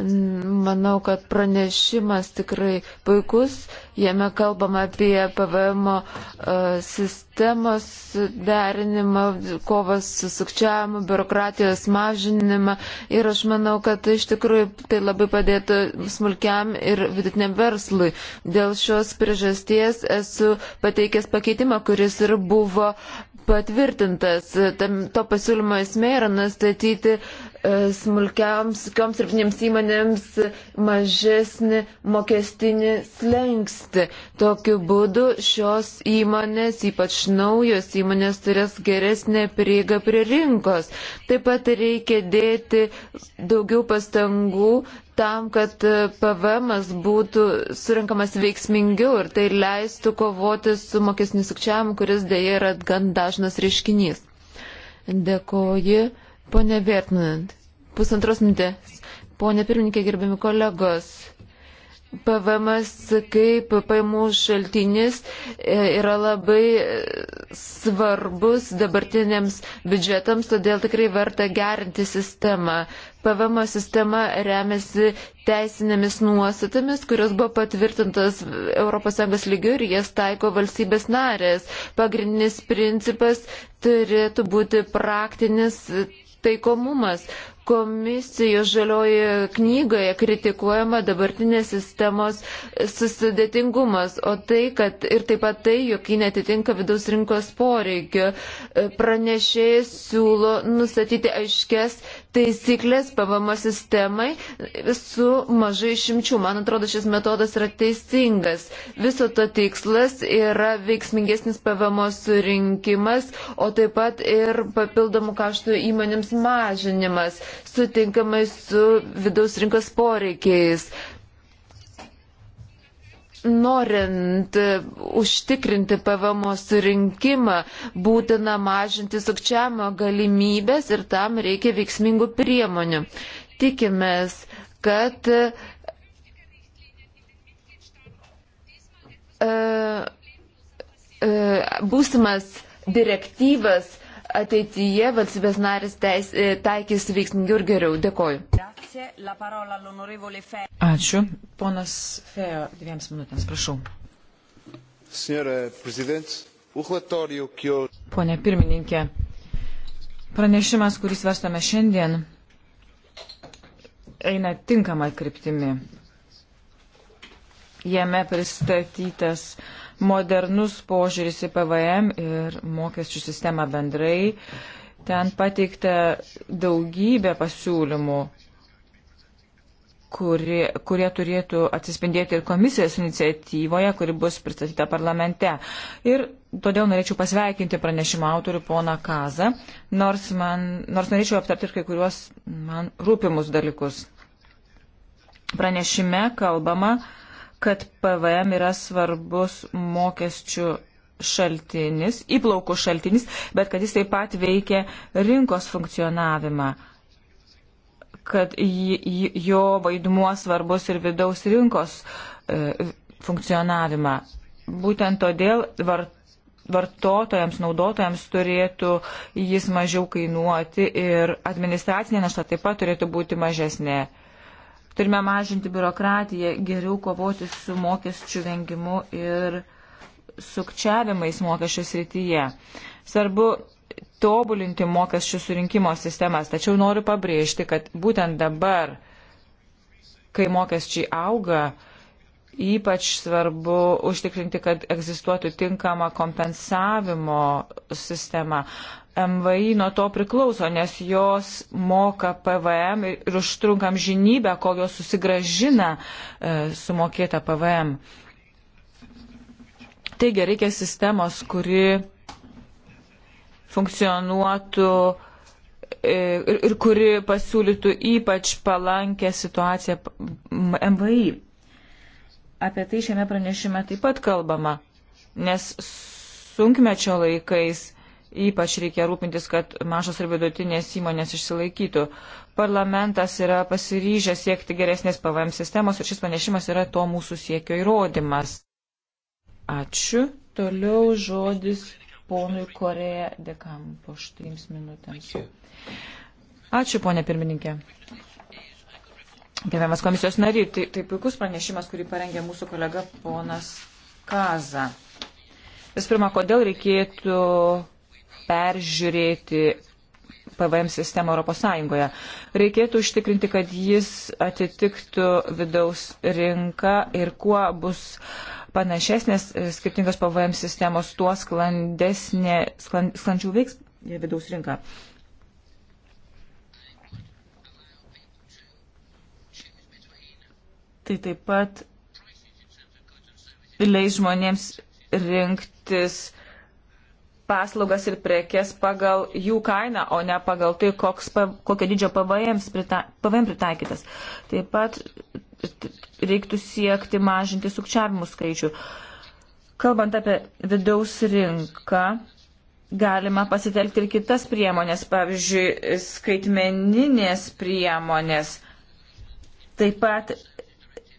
Manau, kad pranešimas tikrai puikus. Jame kalbama apie PVM e, sistemos derinimą, kovas su sukčiavimu, biurokratijos mažinimą. Ir aš manau, kad iš tikrųjų tai labai padėtų smulkiam ir vidutiniam verslui. Dėl šios priežasties esu pateikęs pakeitimą, kuris ir buvo patvirtintas. Tam, to pasiūlymo esmė yra nustatyti uh, E, smulkiams, kioms ir pinėms įmonėms mažesnį mokestinį slengsti. Tokiu būdu šios įmonės, ypač naujos įmonės, turės geresnę prieigą prie rinkos. Taip pat reikia dėti daugiau pastangų tam, kad PVM būtų surinkamas veiksmingiau ir tai leistų kovoti su mokesniu sukčiavimu, kuris dėja yra gan dažnas reiškinys. Dėkoju. Pone Vertmanant, pusantros mintės. Pone pirmininkė, gerbiami kolegos. PVM kaip paimų šaltinis e, yra labai e, svarbus dabartiniams biudžetams, todėl tikrai verta gerinti sistemą. PVM sistema remiasi teisinėmis nuostatomis, kurios buvo patvirtintos ES lygių ir jas taiko valstybės narės. Pagrindinis principas turėtų būti praktinis taikomumas. Komisijos žalioje knygoje kritikuojama dabartinės sistemos susidėtingumas, o tai, kad ir taip pat tai, jog ji netitinka vidaus rinkos poreikio, pranešėjai siūlo nustatyti aiškes taisyklės PVM sistemai su mažai šimčių. Man atrodo, šis metodas yra teisingas. Viso to tikslas yra veiksmingesnis PVM surinkimas, o taip pat ir papildomų kaštų įmonėms mažinimas, sutinkamai su vidaus rinkos poreikiais. Norint užtikrinti PVM surinkimą, būtina mažinti sukčiamo galimybės ir tam reikia veiksmingų priemonių. Tikimės, kad e, e, būsimas direktyvas ateityje valstybės narės teis, e, taikys veiksmingiau ir geriau. Dėkoju. Ačiū. Ponas Fejo, dviems minutėms, prašau. Pone pirmininkė, pranešimas, kurį svarstame šiandien, eina tinkama kryptimi. Jame pristatytas modernus požiūris į PVM ir mokesčių sistemą bendrai. Ten pateikta daugybė pasiūlymų kuri, kurie turėtų atsispindėti ir komisijos iniciatyvoje, kuri bus pristatyta parlamente. Ir todėl norėčiau pasveikinti pranešimo autorių poną Kazą, nors, man, nors norėčiau aptarti ir kai kuriuos man rūpimus dalykus. Pranešime kalbama, kad PVM yra svarbus mokesčių šaltinis, įplaukų šaltinis, bet kad jis taip pat veikia rinkos funkcionavimą kad jo vaidmuo svarbus ir vidaus rinkos e, funkcionavimą. Būtent todėl vart, vartotojams, naudotojams turėtų jis mažiau kainuoti ir administracinė našta taip pat turėtų būti mažesnė. Turime mažinti biurokratiją, geriau kovoti su mokesčių vengimu ir sukčiavimais mokesčių srityje. Svarbu tobulinti mokesčių surinkimo sistemas. Tačiau noriu pabrėžti, kad būtent dabar, kai mokesčiai auga, ypač svarbu užtikrinti, kad egzistuotų tinkama kompensavimo sistema. MVI nuo to priklauso, nes jos moka PVM ir užtrunkam žinybę, kol jos susigražina e, sumokėtą PVM. Taigi reikia sistemos, kuri funkcionuotų e, ir, ir kuri pasiūlytų ypač palankę situaciją MVI. Apie tai šiame pranešime taip pat kalbama, nes sunkmečio laikais ypač reikia rūpintis, kad mažos ir vidutinės įmonės išsilaikytų. Parlamentas yra pasiryžęs siekti geresnės PVM sistemos ir šis pranešimas yra to mūsų siekio įrodymas. Ačiū. Toliau žodis ponui Korėje Dekampo štrims minutėms. Ačiū, ponė pirmininkė. Gerbiamas komisijos nariai, tai, tai puikus pranešimas, kurį parengė mūsų kolega ponas Kaza. Vis pirma, kodėl reikėtų peržiūrėti PVM sistemą Europos Sąjungoje. Reikėtų užtikrinti, kad jis atitiktų vidaus rinką ir kuo bus uh, panašesnės e, skirtingos PVM sistemos, tuo sklandesnė, skland, sklandžių veiks e, vidaus rinka. Tai taip pat leis žmonėms rinktis paslaugas ir prekes pagal jų kainą, o ne pagal tai, koks, kokio dydžio PVM pritaikytas. Taip pat reiktų siekti mažinti sukčiavimų skaičių. Kalbant apie vidaus rinką, galima pasitelkti ir kitas priemonės, pavyzdžiui, skaitmeninės priemonės. Taip pat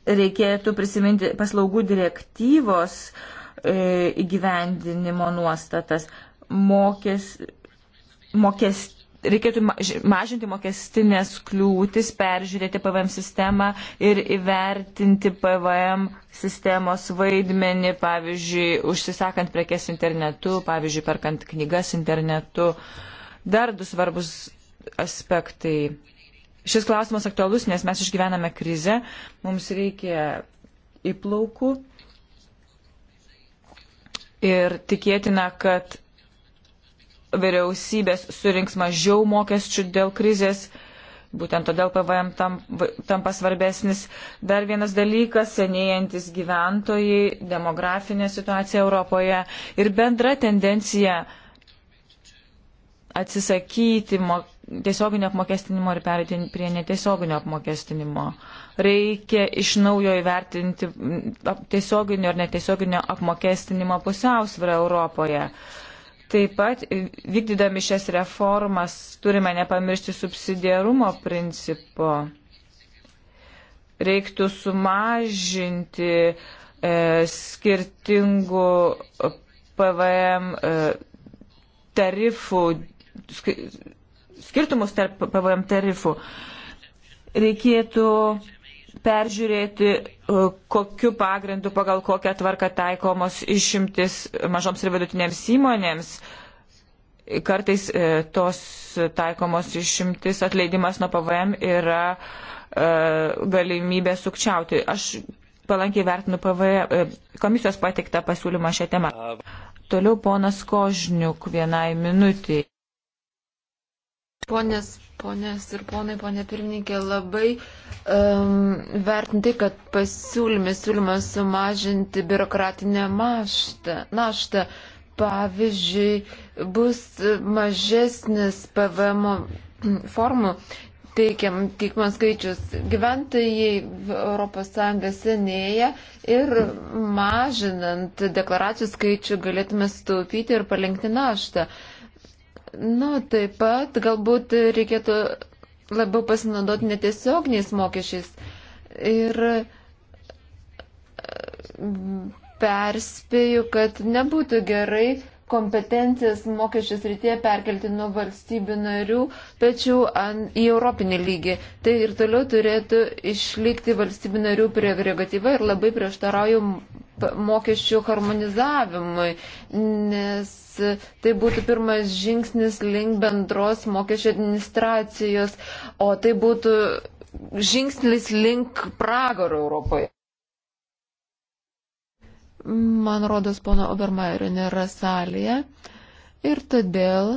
reikėtų prisiminti paslaugų direktyvos e, įgyvendinimo nuostatas. Mokes, mokes, reikėtų mažinti mokestinės kliūtis, peržiūrėti PVM sistemą ir įvertinti PVM sistemos vaidmenį, pavyzdžiui, užsisakant prekes internetu, pavyzdžiui, perkant knygas internetu. Dar du svarbus aspektai. Šis klausimas aktualus, nes mes išgyvename krizę, mums reikia įplaukų ir tikėtina, kad vyriausybės surinks mažiau mokesčių dėl krizės, būtent todėl PVM tam, tampa svarbesnis. Dar vienas dalykas - senėjantis gyventojai, demografinė situacija Europoje ir bendra tendencija atsisakyti mo, tiesioginio apmokestinimo ir perėti prie netiesioginio apmokestinimo. Reikia iš naujo įvertinti tiesioginio ir netiesioginio apmokestinimo pusiausvyrą Europoje. Uh, Taip pat e, vykdydami šias reformas turime nepamiršti subsidiarumo principo. Reiktų sumažinti e, skirtingų PVM e, tarifų, skirtumus tarp PVM tarifų. Reikėtų peržiūrėti, e, kokiu pagrindu, pagal kokią tvarką taikomos išimtis mažoms ir vidutinėms įmonėms. Kartais e, tos taikomos išimtis atleidimas nuo PVM yra e, galimybė sukčiauti. Aš palankiai vertinu PVM, komisijos pateiktą pasiūlymą šią temą. Toliau ponas Kožniuk vienai minutiai. Ponės, ponės ir ponai, ponė pirmininkė, labai um, vertinti, kad pasiūlymė siūlymas sumažinti biurokratinę maštą, naštą. Pavyzdžiui, bus mažesnis PVM formų teikiam, teikiamas skaičius. Gyventojai ES senėja ir mažinant deklaracijų skaičių galėtume sutaupyti ir palengti naštą. Uh, Na, taip pat galbūt reikėtų labiau pasinaudoti netiesiogniais mokesčiais ir e, perspėju, kad nebūtų gerai kompetencijas mokesčius rytie perkelti nuo valstybių narių, tačiau an, į europinį lygį. Tai ir toliau turėtų išlikti valstybių narių prerogatyva ir labai prieštarauju mokesčių harmonizavimui, nes tai būtų pirmas žingsnis link bendros mokesčio administracijos, o tai būtų žingsnis link pragaro Europoje. Man rodos, pono Obermairio nėra salėje ir todėl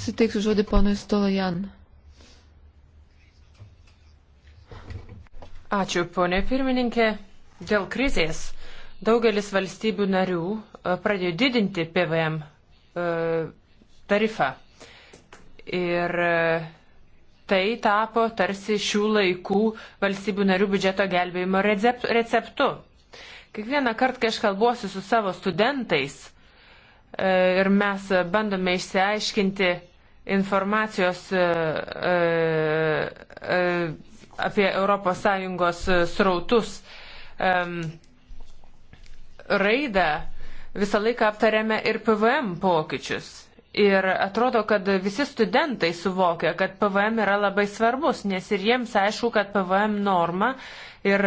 suteiksiu žodį ponui Stolojan. Ačiū, ponė pirmininkė. Dėl krizės daugelis valstybių narių e, pradėjo didinti PVM e, tarifą. Ir e, tai tapo tarsi šių laikų valstybių narių biudžeto gelbėjimo receptu. Kiekvieną kartą, kai aš kalbuosiu su savo studentais e, ir mes bandome išsiaiškinti informacijos e, e, apie ES srautus raidą, visą laiką aptarėme ir PVM pokyčius Ir atrodo, kad visi studentai suvokia, kad PVM yra labai svarbus, nes ir jiems aišku, kad PVM norma ir,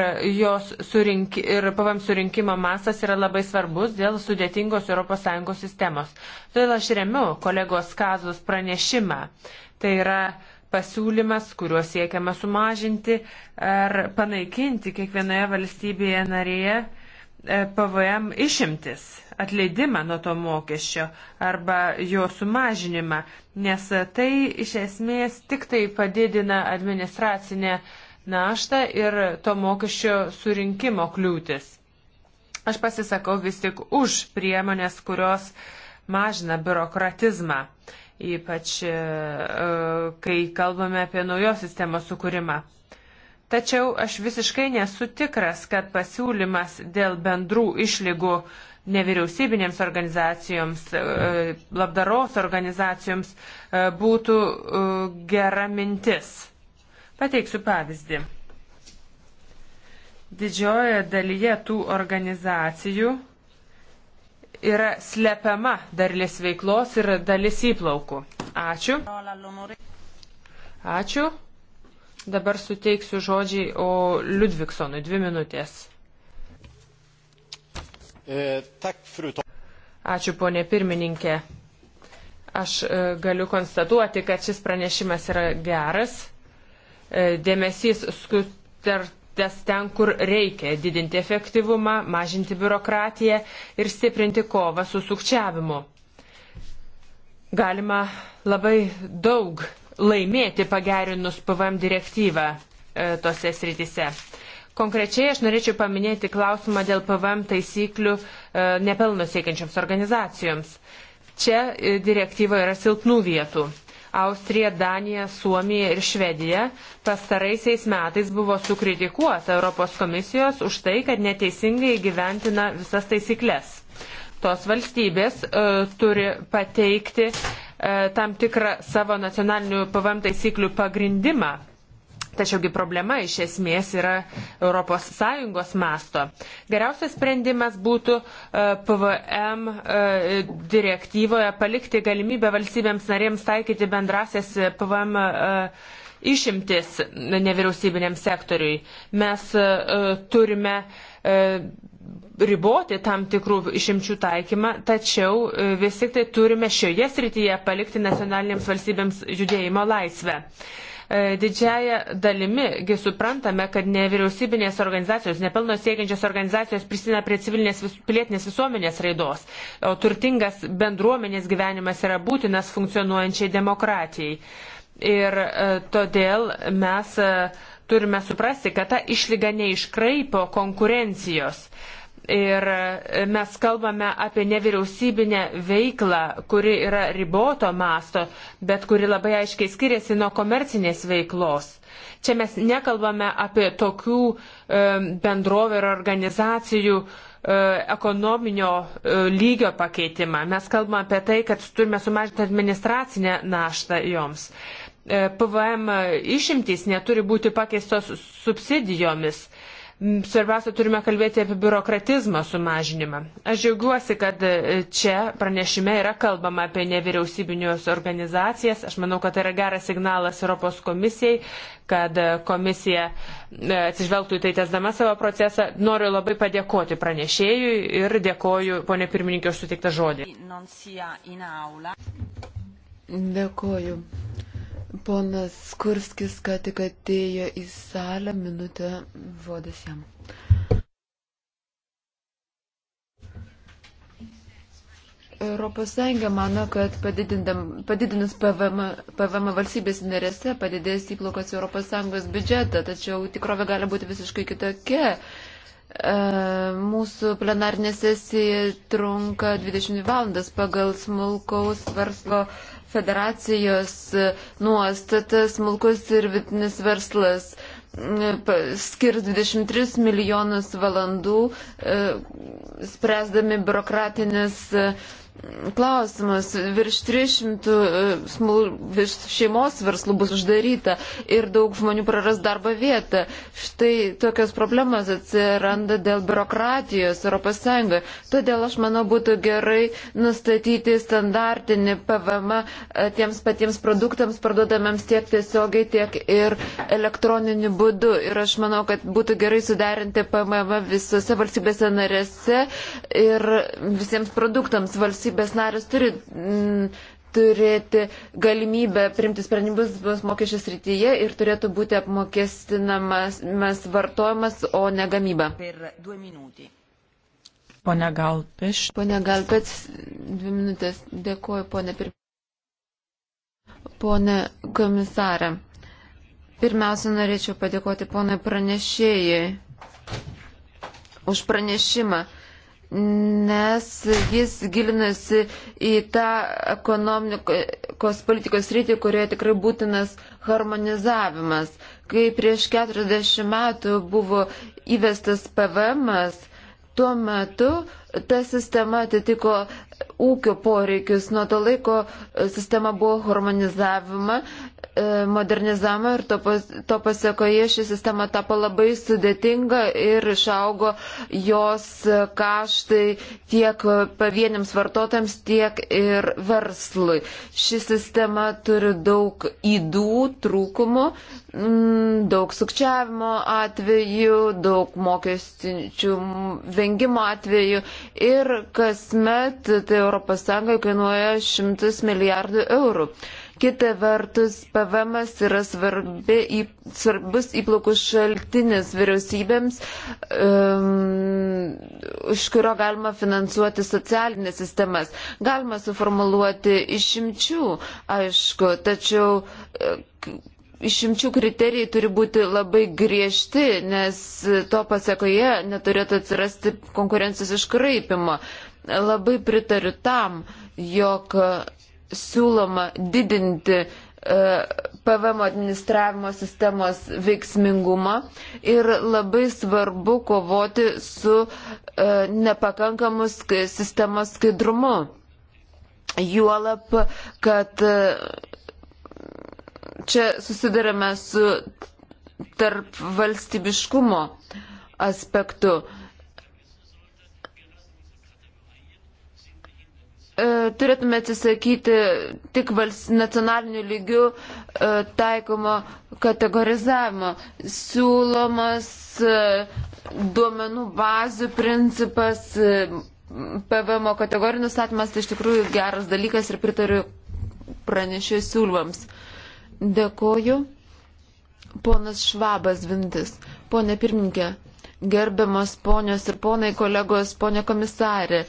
surink, ir PVM surinkimo masas yra labai svarbus dėl sudėtingos ES sistemos. Todėl aš remiu kolegos Kazos pranešimą. Tai yra pasiūlymas, kuriuo siekiama sumažinti ar panaikinti kiekvienoje valstybėje narėje E, PVM išimtis, atleidimą nuo to mokesčio arba jo sumažinimą, nes tai iš esmės tik tai padidina administracinę naštą ir to mokesčio surinkimo kliūtis. Aš pasisakau vis tik už priemonės, kurios mažina biurokratizmą, ypač e, kai kalbame apie naujos sistemos sukūrimą. Tačiau aš visiškai nesu tikras, kad pasiūlymas dėl bendrų išlygų nevyriausybinėms organizacijoms, e, labdaros organizacijoms e, būtų e, gera mintis. Pateiksiu pavyzdį. Didžioje dalyje tų organizacijų yra slepiama dalis veiklos ir dalis įplaukų. Ačiū. Ačiū. Dabar suteiksiu žodžiai O. Ludviksonui dvi minutės. E, Ačiū, ponė pirmininkė. Aš e, galiu konstatuoti, kad šis pranešimas yra geras. E, dėmesys skutartas ten, kur reikia didinti efektyvumą, mažinti biurokratiją ir stiprinti kovą su sukčiavimu. Galima labai daug laimėti pagerinus PVM direktyvą e, tose srityse. Konkrečiai aš norėčiau paminėti klausimą dėl PVM taisyklių e, nepelno siekiančioms organizacijoms. Čia e, direktyva yra silpnų vietų. Austrija, Danija, Suomija ir Švedija pastaraisiais metais buvo sukritikuota Europos komisijos už tai, kad neteisingai gyventina visas taisyklės. Tos valstybės uh, turi pateikti uh, E, tam tikrą savo nacionalinių PVM taisyklių pagrindimą. Tačiaugi problema iš esmės yra ES masto. Geriausias sprendimas būtų e, PVM e, direktyvoje palikti galimybę valstybėms narėms taikyti bendrasias PVM išimtis nevyriausybiniam sektoriui. Mes turime riboti tam tikrų išimčių taikymą, tačiau e, vis tik tai turime šioje srityje palikti nacionalinėms valstybėms judėjimo laisvę. E, didžiaja dalimigi suprantame, kad nevyriausybinės organizacijos, nepelno siekiančios organizacijos prisina prie civilinės vis, pilietinės visuomenės raidos, o turtingas bendruomenės gyvenimas yra būtinas funkcionuojančiai demokratijai. Ir e, todėl mes turime suprasti, kad ta išlyga neiškraipo konkurencijos. Uh, Ir mes kalbame apie nevyriausybinę veiklą, kuri yra riboto masto, bet kuri labai aiškiai skiriasi nuo komercinės veiklos. Čia mes nekalbame apie tokių bendrovų ir organizacijų e, ekonominio e, lygio pakeitimą. Mes kalbame apie tai, kad turime sumažinti administracinę naštą joms. E, PVM išimtys neturi būti pakeistos subsidijomis Mm, svarbiausia, turime kalbėti apie biurokratizmo sumažinimą. Aš džiaugiuosi, kad e, čia pranešime yra kalbama apie nevyriausybinius organizacijas. Aš manau, kad tai yra geras signalas Europos komisijai, kad e, komisija e, atsižvelgtų į tai tesdama savo procesą. Noriu labai padėkoti pranešėjui ir dėkoju, ponė pirmininkė, už sutiktą žodį. Dėkoju. Ponas Kurskis, ką tik atėjo į salę, minutę vodas jam. Europos Sąjunga mano, kad padidinus PVM, PVM valstybės narėse padidės įplaukos Europos Sąjungos biudžetą, tačiau tikrovė gali būti visiškai kitokia. E, mūsų plenarinė sesija trunka 20 valandas pagal smulkaus verslo uh, federacijos e, nuostatas smulkus ir vidinis verslas skirs 23 milijonus valandų, e, spręsdami biurokratinės e, klausimas. Virš 300 e, smul, virš šeimos verslų bus uždaryta ir daug žmonių praras darbo vietą. Štai tokios problemas atsiranda dėl biurokratijos ES. Todėl aš manau būtų gerai nustatyti standartinį PVM e, tiems patiems produktams parduodamiems tiek tiesiogiai, tiek ir elektroniniu būdu. Ir aš manau, kad būtų gerai suderinti PVM visose valstybėse narėse ir visiems produktams valstybėse valstybės narės turi m, mm, turėti galimybę primti sprendimus mokesčių srityje ir turėtų būti apmokestinamas vartojimas, o ne gamyba. Pone Galpeš. Pone Galpeš, dvi minutės. Dėkuoju, pone pirmininkė. Pone komisarė, pirmiausia, norėčiau padėkoti ponai pranešėjai už pranešimą nes jis gilinasi į tą ekonomikos politikos rytį, kurioje tikrai būtinas harmonizavimas. Kai prieš 40 metų buvo įvestas PVM, tuo metu ta sistema atitiko ūkio poreikius. Nuo to laiko sistema buvo harmonizavima, e, modernizavima ir to, pas, to pasiekoje ši sistema tapo labai sudėtinga ir išaugo jos kaštai tiek pavieniams vartotojams, tiek ir verslui. Ši sistema turi daug įdų, trūkumų, Mm, daug sukčiavimo atvejų, daug mokestinčių vengimo atvejų ir kasmet tai ES kainuoja šimtus milijardų eurų. Kita vertus, PVM yra svarbi, į, svarbus įplaukų šaltinis vyriausybėms, um, iš kurio galima finansuoti socialinės sistemas. Galima suformuluoti išimčių, aišku, tačiau išimčių kriterijai turi būti labai griežti, nes to pasiekoje neturėtų atsirasti konkurencijos iškraipimo. Labai pritariu tam, jog siūloma didinti e, PVM administravimo sistemos veiksmingumą ir labai svarbu kovoti su e, nepakankamu sistemos skaidrumu. Juolap, kad čia susidurime su tarp valstybiškumo aspektu. E, turėtume atsisakyti tik nacionaliniu lygiu e, taikomo kategorizavimo. Siūlomas e, duomenų bazių principas, PVM kategorijų nustatymas tai iš tikrųjų geras dalykas ir pritariu pranešėjų siūlymams. Dėkoju. Ponas Švabas Vintis. Pone pirmininkė, Gerbiamas ponios ir ponai kolegos, ponė komisarė,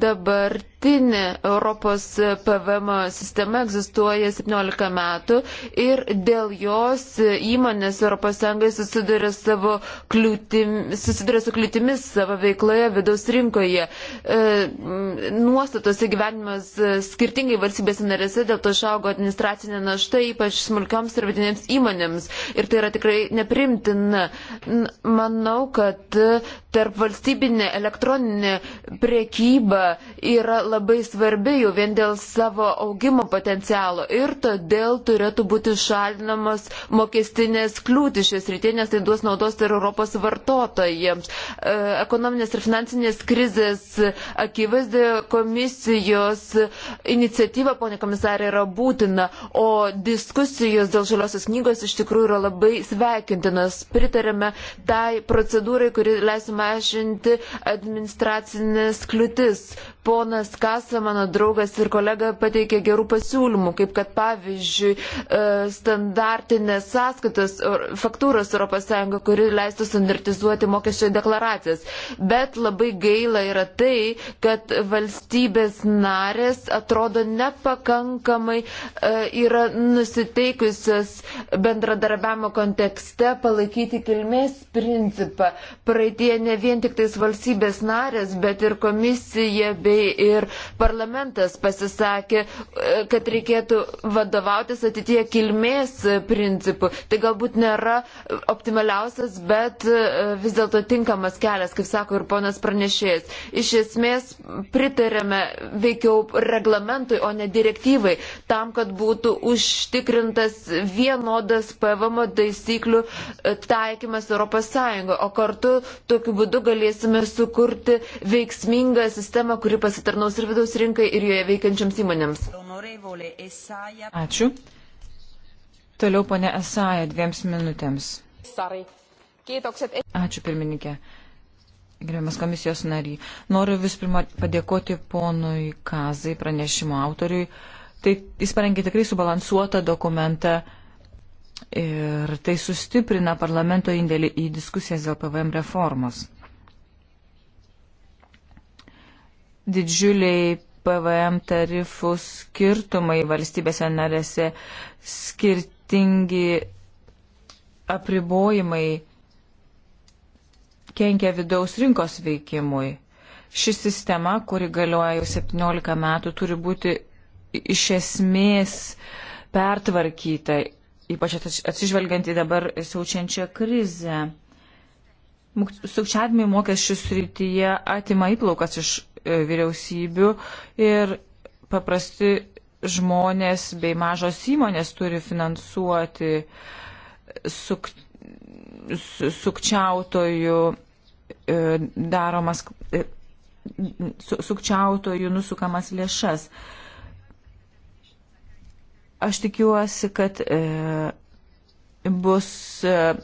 dabartinė Europos PVM sistema egzistuoja 17 metų ir dėl jos įmonės ES susiduria, savo kliūtim, susiduria su kliūtimis savo veikloje vidaus rinkoje. E, nuostatos įgyvenimas skirtingai valstybės narėse, dėl to išaugo administracinė našta, ypač smulkioms ir vidinėms įmonėms. Ir tai yra tikrai neprimtina. Manau, kad e, tarp valstybinė elektroninė priekyba yra labai svarbi jau vien dėl savo augimo potencialo ir todėl turėtų būti šalinamos mokestinės kliūtis šios rytė, nes tai duos naudos ir Europos vartotojams. E, ekonominės ir finansinės krizės akivaizdė komisijos iniciatyva, ponė komisarė, yra būtina, o diskusijos dėl žaliosios knygos iš tikrųjų yra labai sveikintinas. Pritarėme tai procedūrai procedūrai, kuri leis mažinti administracinės kliūtis. Ponas Kasa, mano draugas ir kolega, pateikė gerų pasiūlymų, kaip kad pavyzdžiui e, standartinės sąskaitos faktūros ES, kuri leistų standartizuoti mokesčio deklaracijas. Bet labai gaila yra tai, kad valstybės narės atrodo nepakankamai e, yra nusiteikusios bendradarbiavimo kontekste palaikyti kilmės principą praeitie ne vien tik tais valstybės narės, bet ir komisija bei ir parlamentas pasisakė, e, kad reikėtų vadovautis atitie kilmės principu. Tai galbūt nėra optimaliausias, bet e, vis dėlto tinkamas kelias, kaip sako ir ponas pranešėjas. Iš esmės pritarėme veikiau reglamentui, o ne direktyvai, tam, kad būtų užtikrintas vienodas PVM taisyklių e, taikymas Europos Sąjungoje kartu tokiu būdu galėsime sukurti veiksmingą sistemą, kuri pasitarnaus ir vidaus rinkai, ir joje veikiančiams įmonėms. Ačiū. Toliau ponė Esaja dviems minutėms. Ačiū pirmininkė. Gerbiamas komisijos nariai. Noriu vis pirma padėkoti ponui Kazai, pranešimo autoriui. Tai jis parengė tikrai subalansuotą dokumentą Ir tai sustiprina parlamento indėlį į diskusijas dėl PVM reformos. Didžiuliai PVM tarifų skirtumai valstybėse narėse, skirtingi apribojimai kenkia vidaus rinkos veikimui. Ši sistema, kuri galioja jau 17 metų, turi būti iš esmės pertvarkyta ypač atsižvelgiant į dabar siaučiančią krizę. Sukčiavimai mokesčių srityje atima įplaukas iš e, vyriausybių ir paprasti žmonės bei mažos įmonės turi finansuoti suk, sukčiautojų e, daromas e, sukčiautojų nusukamas lėšas. Aš tikiuosi, kad e, bus e,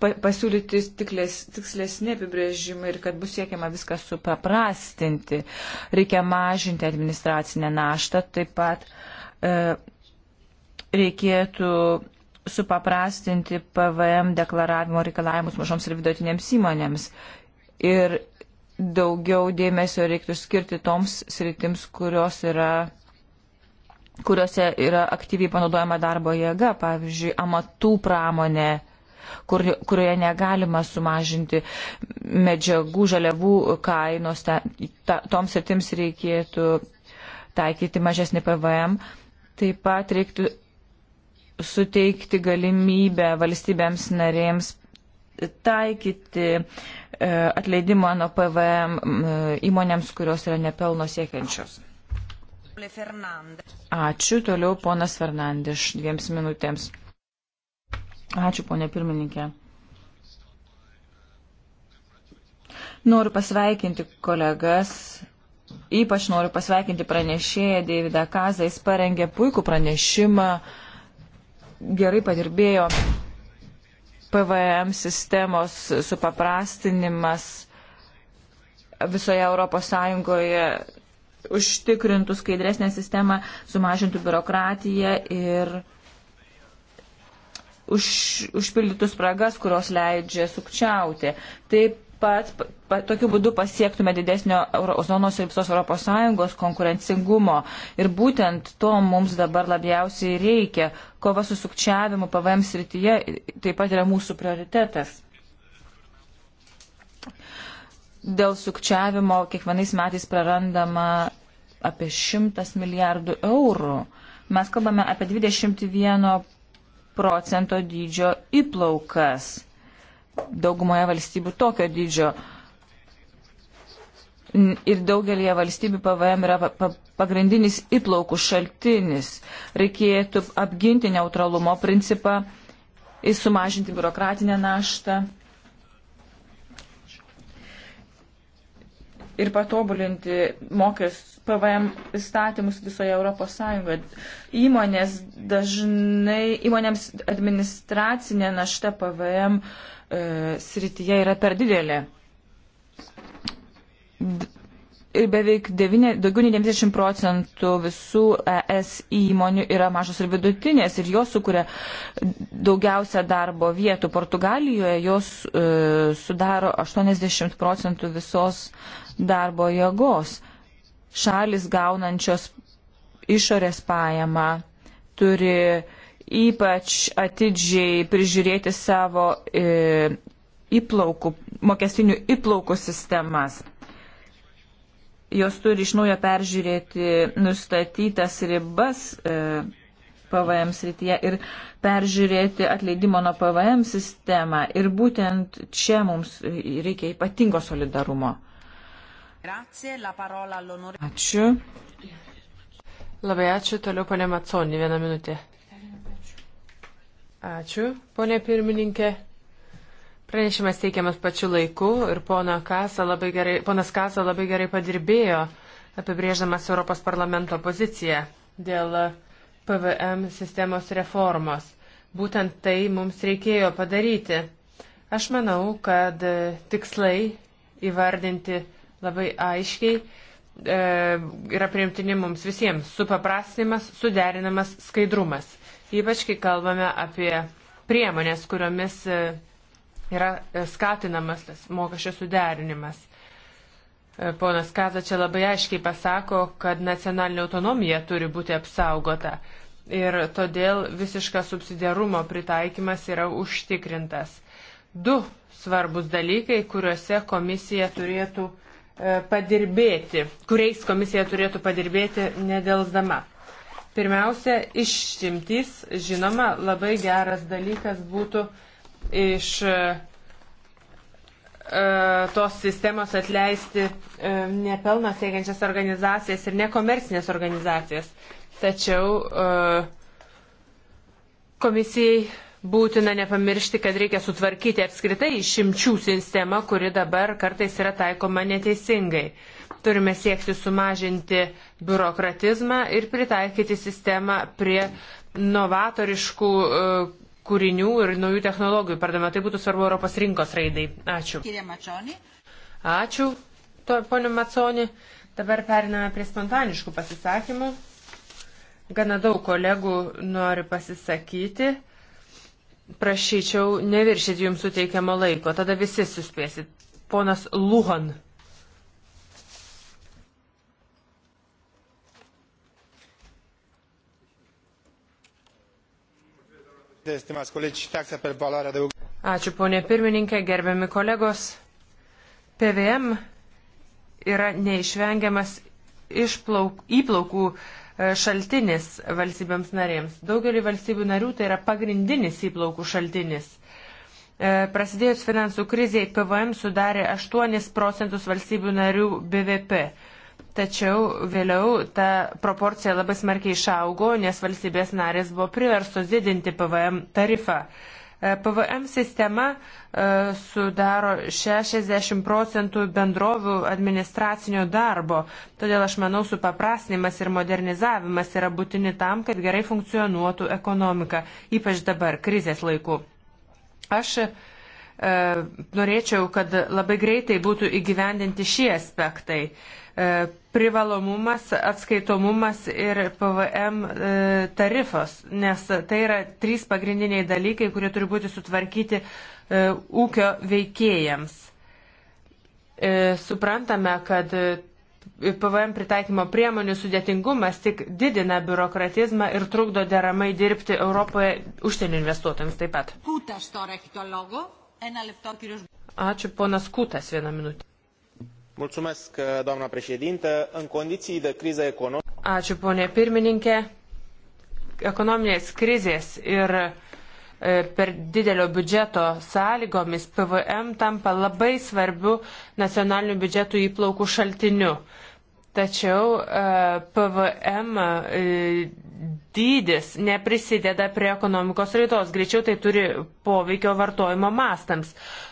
pasiūlyti tiklės, tikslesni apibrėžimai ir kad bus siekiama viską supaprastinti. Reikia mažinti administracinę naštą, taip pat e, reikėtų supaprastinti PVM deklaravimo reikalavimus mažoms ir vidutinėms įmonėms. Ir daugiau dėmesio reiktų skirti toms sritims, kurios yra kuriuose yra aktyviai panaudojama darbo jėga, pavyzdžiui, amatų pramonė, kur, kurioje negalima sumažinti medžiagų, žaliavų kainos, ta, ta, toms ir tims reikėtų taikyti mažesnį PVM. Taip pat reiktų suteikti galimybę valstybėms narėms taikyti e, atleidimą nuo PVM įmonėms, kurios yra nepelno siekiančios. Ačiū. Toliau ponas Fernandiš, dviems minutėms. Ačiū, ponė pirmininkė. Noriu pasveikinti kolegas, ypač noriu pasveikinti pranešėją Davidą Kazą, jis parengė puikų pranešimą, gerai padirbėjo PVM sistemos supaprastinimas visoje Europos Sąjungoje užtikrintų skaidresnę sistemą, sumažintų biurokratiją ir už, užpildytų spragas, kurios leidžia sukčiauti. Taip pat pa, tokiu būdu pasiektume didesnio eurozonos ir visos ES konkurencingumo. Ir būtent to mums dabar labiausiai reikia. Kova su sukčiavimu PVM srityje taip pat yra mūsų prioritetas dėl sukčiavimo kiekvienais metais prarandama apie 100 milijardų eurų. Mes kalbame apie 21 procento dydžio įplaukas. Daugumoje valstybių tokio dydžio. Ir daugelie valstybių PVM yra pa, pa, pagrindinis įplaukų šaltinis. Reikėtų apginti neutralumo principą, sumažinti biurokratinę naštą. ir patobulinti mokės PVM įstatymus visoje Europos Sąjungoje. Įmonės dažnai, įmonėms administracinė našta PVM e, srityje yra per didelė. D Ir beveik 9, daugiau nei 90 procentų visų ES įmonių yra mažos ir vidutinės ir jos sukuria daugiausia darbo vietų. Portugalijoje jos e, sudaro 80 procentų visos darbo jėgos. Šalis gaunančios išorės pajamą turi ypač atidžiai prižiūrėti savo e, įplaukų, mokestinių įplaukų sistemas jos turi iš naujo peržiūrėti nustatytas ribas e, PVM srityje ir peržiūrėti atleidimo nuo PVM sistemą. Ir būtent čia mums reikia ypatingo solidarumo. Ačiū. Labai ačiū. Toliau ponė Matsoni, vieną minutę. Ačiū, ponė pirmininkė. Pranešimas teikiamas pačiu laiku ir pona Kasa gerai, ponas Kasa labai gerai padirbėjo apibrėždamas Europos parlamento poziciją dėl PVM sistemos reformos. Būtent tai mums reikėjo padaryti. Aš manau, kad tikslai įvardinti labai aiškiai e, yra priimtini mums visiems. Supaprastinimas, suderinamas skaidrumas. Ypač kai kalbame apie priemonės, kuriomis. E, yra e, skatinamas tas mokesčio suderinimas. E, ponas Kaza čia labai aiškiai pasako, kad nacionalinė autonomija turi būti apsaugota ir todėl visiškas subsidiarumo pritaikymas yra užtikrintas. Du svarbus dalykai, kuriuose komisija turėtų e, padirbėti, kuriais komisija turėtų padirbėti nedelsdama. Pirmiausia, išimtys, žinoma, labai geras dalykas būtų uh, iš e, e, tos sistemos atleisti e, nepelno siekiančias organizacijas ir nekomercinės organizacijas. Tačiau komisijai būtina nepamiršti, kad reikia sutvarkyti apskritai išimčių sistemą, kuri dabar kartais yra taikoma neteisingai. Turime siekti sumažinti biurokratizmą ir pritaikyti sistemą prie novatoriškų kūrinių ir naujų technologijų pardavimą. Tai būtų svarbu Europos rinkos raidai. Ačiū. Ačiū, ponė Maconi. Dabar periname prie spontaniškų pasisakymų. Gana daug kolegų nori pasisakyti. Prašyčiau neviršyti jums suteikiamo laiko, tada visi suspėsit. Ponas Luhan. Ačiū, ponė pirmininkė, gerbiami kolegos. PVM yra neišvengiamas išplauk, įplaukų e, šaltinis valstybėms narėms. Daugelį valstybių narių tai yra pagrindinis įplaukų šaltinis. E, prasidėjus finansų kriziai PVM sudarė 8 procentus valstybių narių BVP. Tačiau vėliau ta proporcija labai smarkiai išaugo, nes valstybės narės buvo priverstos didinti PVM tarifą. E, PVM sistema e, sudaro 60 procentų bendrovių administracinio darbo. Todėl aš manau, supaprasnimas ir modernizavimas yra būtini tam, kad gerai funkcionuotų ekonomika, ypač dabar, krizės laiku. Aš e, norėčiau, kad labai greitai būtų įgyvendinti šie aspektai privalomumas, atskaitomumas ir PVM e, tarifas, nes tai yra trys pagrindiniai dalykai, kurie turi būti sutvarkyti e, ūkio veikėjams. E, suprantame, kad PVM pritaikymo priemonių sudėtingumas tik didina biurokratizmą ir trukdo deramai dirbti Europoje užsienio investuotojams taip pat. Ačiū, ponas Kutas, vieną minutę. Mulțumesc, doamna președintă. În condiții de criză economică. Ačiū, ponė pirmininkė. Ekonominės krizės ir e, per didelio biudžeto sąlygomis PVM tampa labai svarbiu nacionalinių biudžetų įplaukų šaltiniu. Tačiau e, PVM e, dydis neprisideda prie ekonomikos raidos. Greičiau tai turi poveikio vartojimo mastams.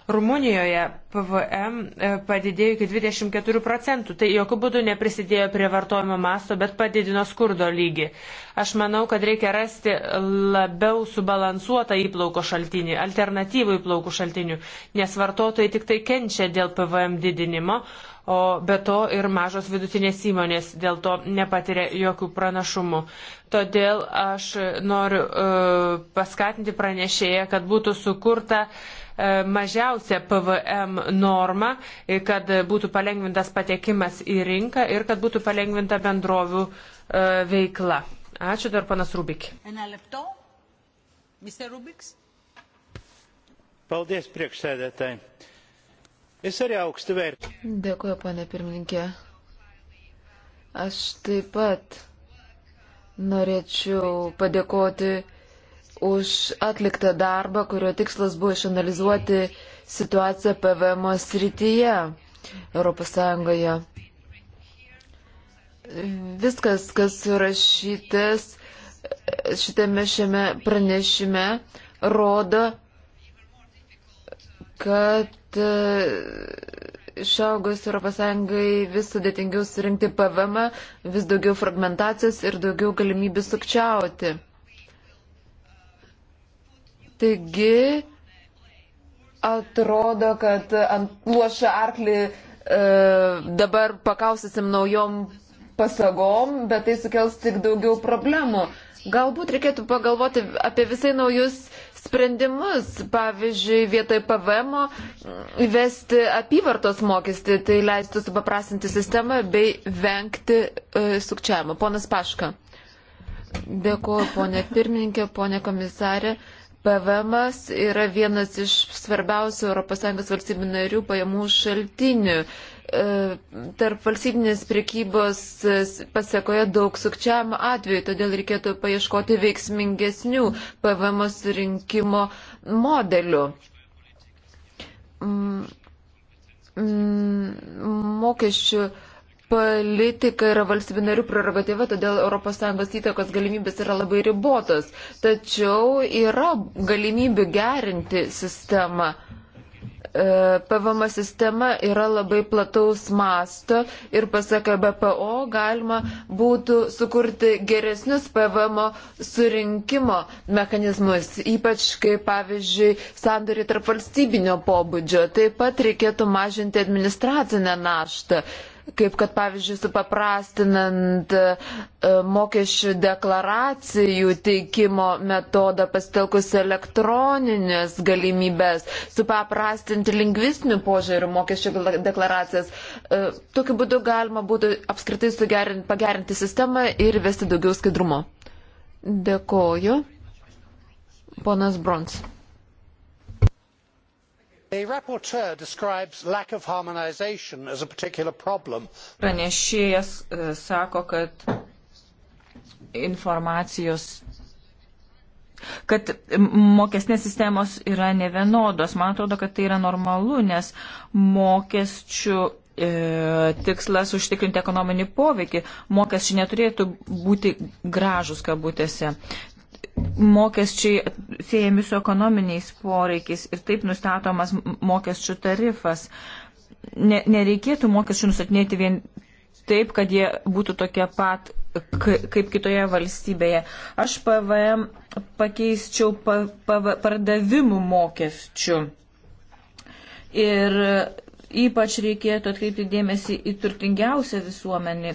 Rumunijoje PVM e, padidėjo iki 24 procentų. Tai jokių būdų neprisidėjo prie vartojimo masto, bet padidino skurdo lygį. Aš manau, kad reikia rasti labiau subalansuotą įplauko šaltinį, alternatyvų įplaukų šaltinių, nes vartotojai tik tai kenčia dėl PVM didinimo, o be to ir mažos vidutinės įmonės dėl to nepatiria jokių pranašumų. Todėl aš noriu e, paskatinti pranešėją, kad būtų sukurta e, mažiausia PVM norma, e, kad būtų palengvintas patekimas į rinką ir kad būtų palengvinta bendrovių veikla. Ačiū dar panas Rubik. Paldies priekšsėdėtai. Jis ar aukštų vertinimu? Dėkuoju, pane pirmininkė. Aš taip pat Norėčiau padėkoti už atliktą darbą, kurio tikslas buvo išanalizuoti situaciją PVM srityje Europos Sąjungoje. Viskas, kas surašytas šitame šiame pranešime, rodo, kad šiaugus ES vis sudėtingiau surinkti PVM, vis daugiau fragmentacijos ir daugiau galimybių sukčiauti. Taigi, atrodo, kad ant luošą arklį e, dabar pakausysim naujom pasagom, bet tai sukels tik daugiau problemų. Galbūt reikėtų pagalvoti apie visai naujus sprendimus. Pavyzdžiui, vietoj PVM įvesti apyvartos mokestį, tai leistų supaprastinti sistemą bei vengti e, sukčiavimo. Ponas Paška. Dėkuoju, ponė pirmininkė, ponė komisarė. PVM yra vienas iš svarbiausių ES valstybių narių pajamų šaltinių. E, tarp valstybinės priekybos e, pasiekoje daug sukčiavimo atveju, todėl reikėtų paieškoti veiksmingesnių PVM surinkimo modelių. Mm, mm, mokesčių politika yra valstybinarių prerogatyva, todėl ES įtakos galimybės yra labai ribotos. Tačiau yra galimybių gerinti sistemą. E, PVM sistema yra labai plataus masto ir pasak e BPO galima būtų sukurti geresnius PVM surinkimo mechanizmus, ypač kaip pavyzdžiui sandoriai tarp valstybinio pobūdžio. Taip pat reikėtų mažinti administracinę naštą kaip kad pavyzdžiui supaprastinant e, mokesčių deklaracijų teikimo metodą pasitelkus elektroninės galimybės, supaprastinti lingvistinių požiūrių mokesčių deklaracijas. E, tokiu būdu galima būtų apskritai sugerinti, pagerinti sistemą ir vesti daugiau skaidrumo. Dėkoju. Ponas Brons the rapporteur describes lack of harmonization as a particular problem. Pranešėjas e, sako, kad informacijos kad mokesnės sistemos yra nevienodos. Man atrodo, kad tai yra normalu, nes mokesčių e, tikslas užtikrinti ekonominį poveikį. Mokesčiai neturėtų būti gražus kabutėse mokesčiai siejami su ekonominiais poreikiais ir taip nustatomas mokesčių tarifas. Ne, nereikėtų mokesčių nustatinėti vien taip, kad jie būtų tokie pat kaip kitoje valstybėje. Aš PVM pakeisčiau pa, pa, pardavimų mokesčių. Ir ypač reikėtų atkreipti dėmesį į turtingiausią visuomenį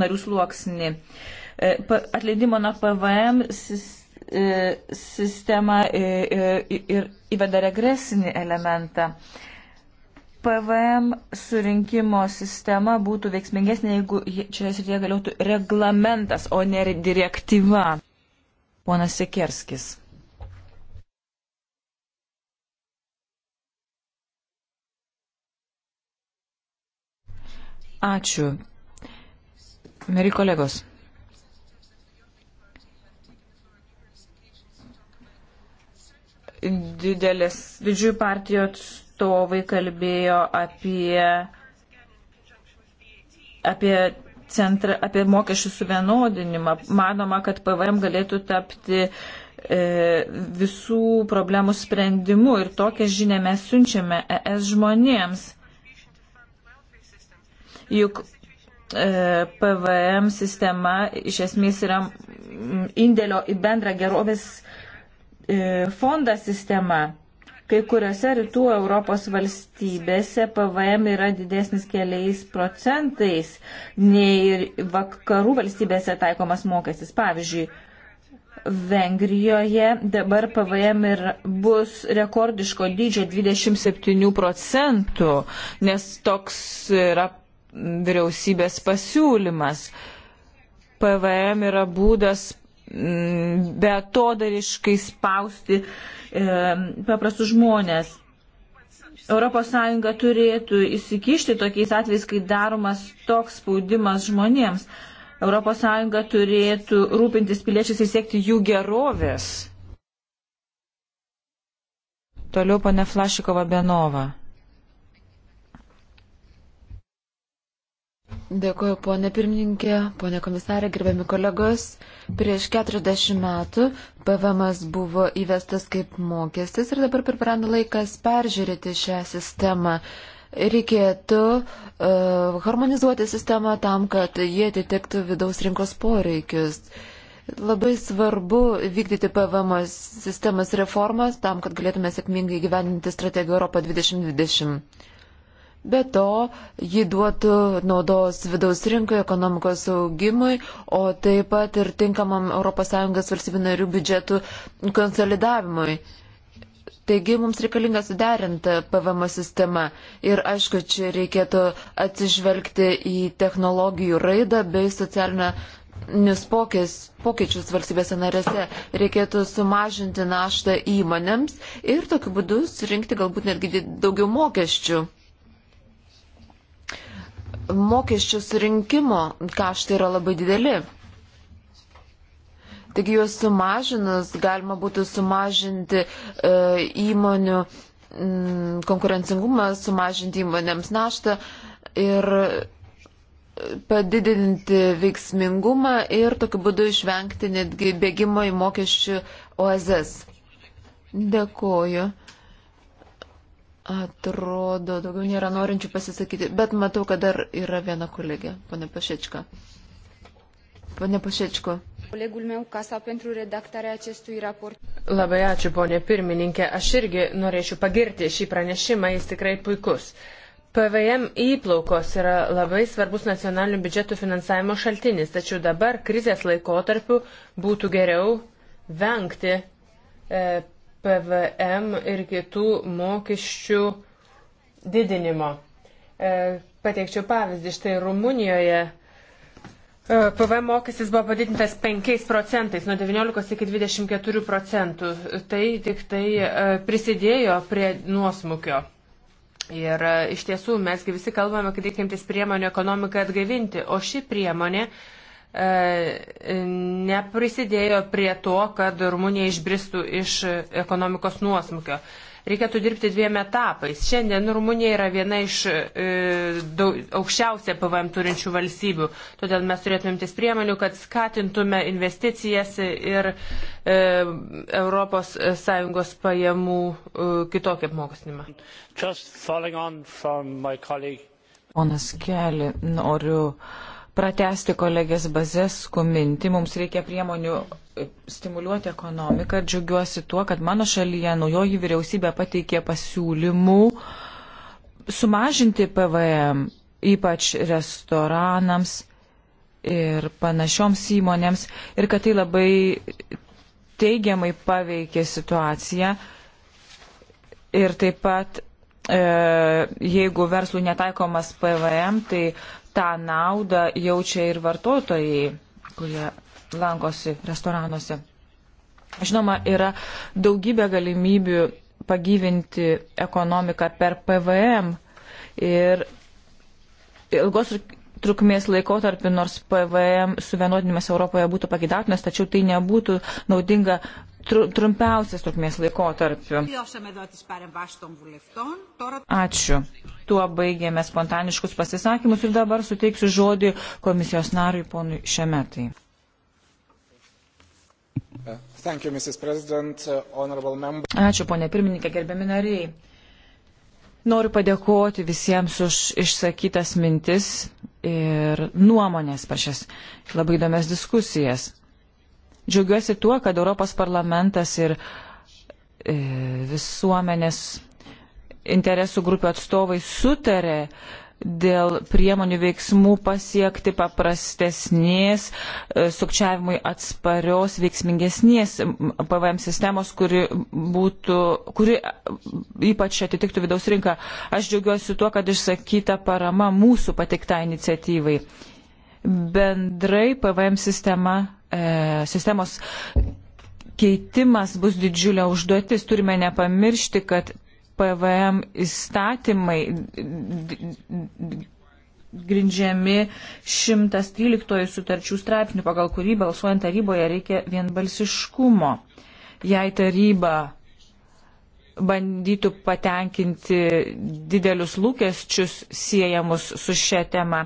narių sluoksnį. Uh, E, atleidimo nuo PVM e, sistema e, ir įveda regresinį elementą. PVM surinkimo sistema būtų veiksmingesnė, jeigu čia srityje galėtų reglamentas, o ne direktyva. Ponas Sekerskis. Ačiū. Meri kolegos. didelės, didžiųjų partijų atstovai kalbėjo apie, apie, centra, apie mokesčių suvienodinimą. Manoma, kad PVM galėtų tapti e, visų problemų sprendimu ir tokią žinę mes siunčiame ES žmonėms. Juk e, PVM sistema iš esmės yra indėlio į bendrą gerovės E, fonda sistema. Kai kuriuose rytų Europos valstybėse PVM yra didesnis keliais procentais nei vakarų valstybėse taikomas mokestis. Pavyzdžiui, Vengrijoje dabar PVM ir bus rekordiško dydžio 27 procentų, nes toks yra vyriausybės pasiūlymas. PVM yra būdas Mm, betodariškai spausti e, paprastus žmonės. ES turėtų įsikišti tokiais atvejais, kai daromas toks spaudimas žmonėms. ES turėtų rūpintis piliečiais ir siekti jų gerovės. Toliau pane Flašikova Benova. Dėkuoju, ponė pirmininkė, ponė komisarė, gerbiami kolegos. Prieš 40 metų PVMas buvo įvestas kaip mokestis ir dabar pribrendo laikas peržiūrėti šią sistemą. Reikėtų uh, harmonizuoti sistemą tam, kad jie atitiktų vidaus rinkos poreikius. Labai svarbu vykdyti PVM sistemos reformas tam, kad galėtume sėkmingai gyveninti strategiją Europą 2020. Be to, ji duotų naudos vidaus rinkai, ekonomikos augimui, o taip pat ir tinkamam ES valstybių narių biudžetų konsolidavimui. Taigi mums reikalinga suderinta PVM sistema ir aišku, čia reikėtų atsižvelgti į technologijų raidą bei socialinę nes pokės, pokyčius valstybėse narėse reikėtų sumažinti naštą įmonėms ir tokiu būdu surinkti galbūt netgi daugiau mokesčių mokesčių surinkimo kaštai yra labai dideli. Taigi juos sumažinus galima būtų sumažinti e, įmonių m, mm, konkurencingumą, sumažinti įmonėms naštą ir e, padidinti veiksmingumą ir tokiu būdu išvengti netgi bėgimo į mokesčių oazes. Dėkuoju. Atrodo, daugiau nėra norinčių pasisakyti, bet matau, kad dar yra viena kolegė, pane Pašečka. Pane Pašečko. Colegul meu Casa pentru redactarea acestui raport. Labai ačiū, ponė pirmininkė. Aš irgi norėčiau pagirti šį pranešimą, jis tikrai puikus. PVM įplaukos yra labai svarbus nacionalinių biudžetų finansavimo šaltinis, tačiau dabar krizės laikotarpiu būtų geriau vengti e, PVM ir kitų mokesčių didinimo. E, pateikčiau pavyzdį, štai Rumunijoje e, PVM mokestis buvo padidintas 5 procentais, nuo 19 iki 24 procentų. Tai tik tai e, prisidėjo prie nuosmukio. Ir iš tiesų mesgi visi kalbame, kad reikia imtis priemonių ekonomiką atgaivinti, o ši priemonė uh, E, neprisidėjo prie to, kad Rumunija išbristų iš ekonomikos nuosmukio. Reikėtų dirbti dviem etapais. Šiandien Rumunija yra viena iš e, daug, aukščiausia PVM turinčių valstybių, todėl mes turėtumėm ties priemonių, kad skatintume investicijas ir e, ES pajamų e, kitokį apmokestinimą. Ponas Keli, noriu. E, pratesti kolegės bazės skuminti. Mums reikia priemonių e, stimuliuoti ekonomiką. Džiugiuosi tuo, kad mano šalyje naujoji vyriausybė pateikė pasiūlymų sumažinti PVM, ypač restoranams ir panašioms įmonėms, ir kad tai labai teigiamai paveikė situaciją. Ir taip pat, e, jeigu verslų netaikomas PVM, tai tą naudą jaučia ir vartotojai, kurie lankosi restoranuose. Žinoma, yra daugybė galimybių pagyvinti ekonomiką per PVM ir ilgos trukmės laikotarpį, nors PVM suvienodinimas Europoje būtų pagidatinas, tačiau tai nebūtų naudinga tru, trumpiausias trukmės laikotarpiu. Ačiū. Tuo baigėme spontaniškus pasisakymus ir dabar suteiksiu žodį komisijos nariui ponui Šemetai. You, uh, Ačiū, ponė pirmininkė, gerbiami nariai. Noriu padėkoti visiems už išsakytas mintis ir nuomonės pačias labai įdomias diskusijas. Džiaugiuosi tuo, kad Europos parlamentas ir e, visuomenės interesų grupių atstovai sutarė dėl priemonių veiksmų pasiekti paprastesnės, e, sukčiavimui atsparios, veiksmingesnės PVM sistemos, kuri, būtų, kuri e, ypač atitiktų vidaus rinką. Aš džiaugiuosi tuo, kad išsakyta parama mūsų patikta iniciatyvai bendrai PVM sistema, e, sistemos keitimas bus didžiulė užduotis. Turime nepamiršti, kad PVM įstatymai grindžiami 113 sutarčių straipsnių, pagal kurį balsuojant taryboje reikia vienbalsiškumo. Jei taryba bandytų patenkinti didelius lūkesčius siejamus su šia tema.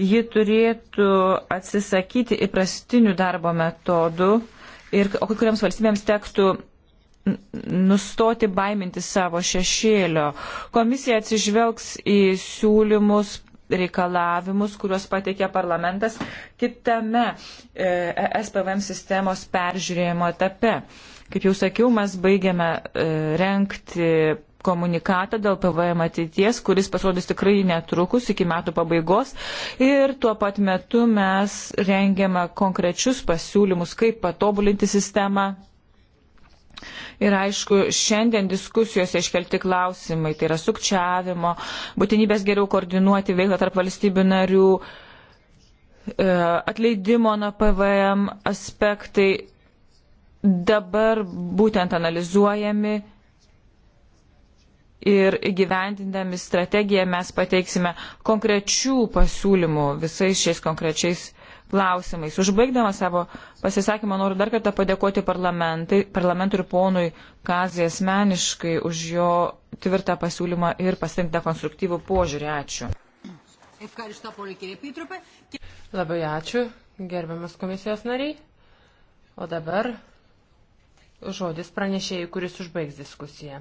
Ji turėtų atsisakyti įprastinių darbo metodų, ir, o kai kuriams valstybėms tektų nustoti baiminti savo šešėlio. Komisija atsižvelgs į siūlymus reikalavimus, kuriuos pateikė parlamentas kitame e, e, ESPVM sistemos peržiūrėjimo etape. E, Kaip jau sakiau, mes baigiame e, renkti komunikatą dėl PVM ateities, kuris pasirodys tikrai netrukus iki metų pabaigos. Ir tuo pat metu mes rengiame konkrečius pasiūlymus, kaip patobulinti sistemą. Ir aišku, šiandien diskusijose iškelti klausimai, tai yra sukčiavimo, būtinybės geriau koordinuoti veiklą tarp valstybių narių, e, atleidimo nuo PVM aspektai dabar būtent analizuojami ir įgyvendindami strategiją mes pateiksime konkrečių pasiūlymų visais šiais konkrečiais klausimais. Užbaigdama savo pasisakymą noriu dar kartą padėkoti parlamentui ir ponui Kazį asmeniškai už jo tvirtą pasiūlymą ir pasirinktą konstruktyvų požiūrį. Ačiū. Labai ačiū, gerbiamas komisijos nariai. O dabar žodis pranešėjai, kuris užbaigs diskusiją.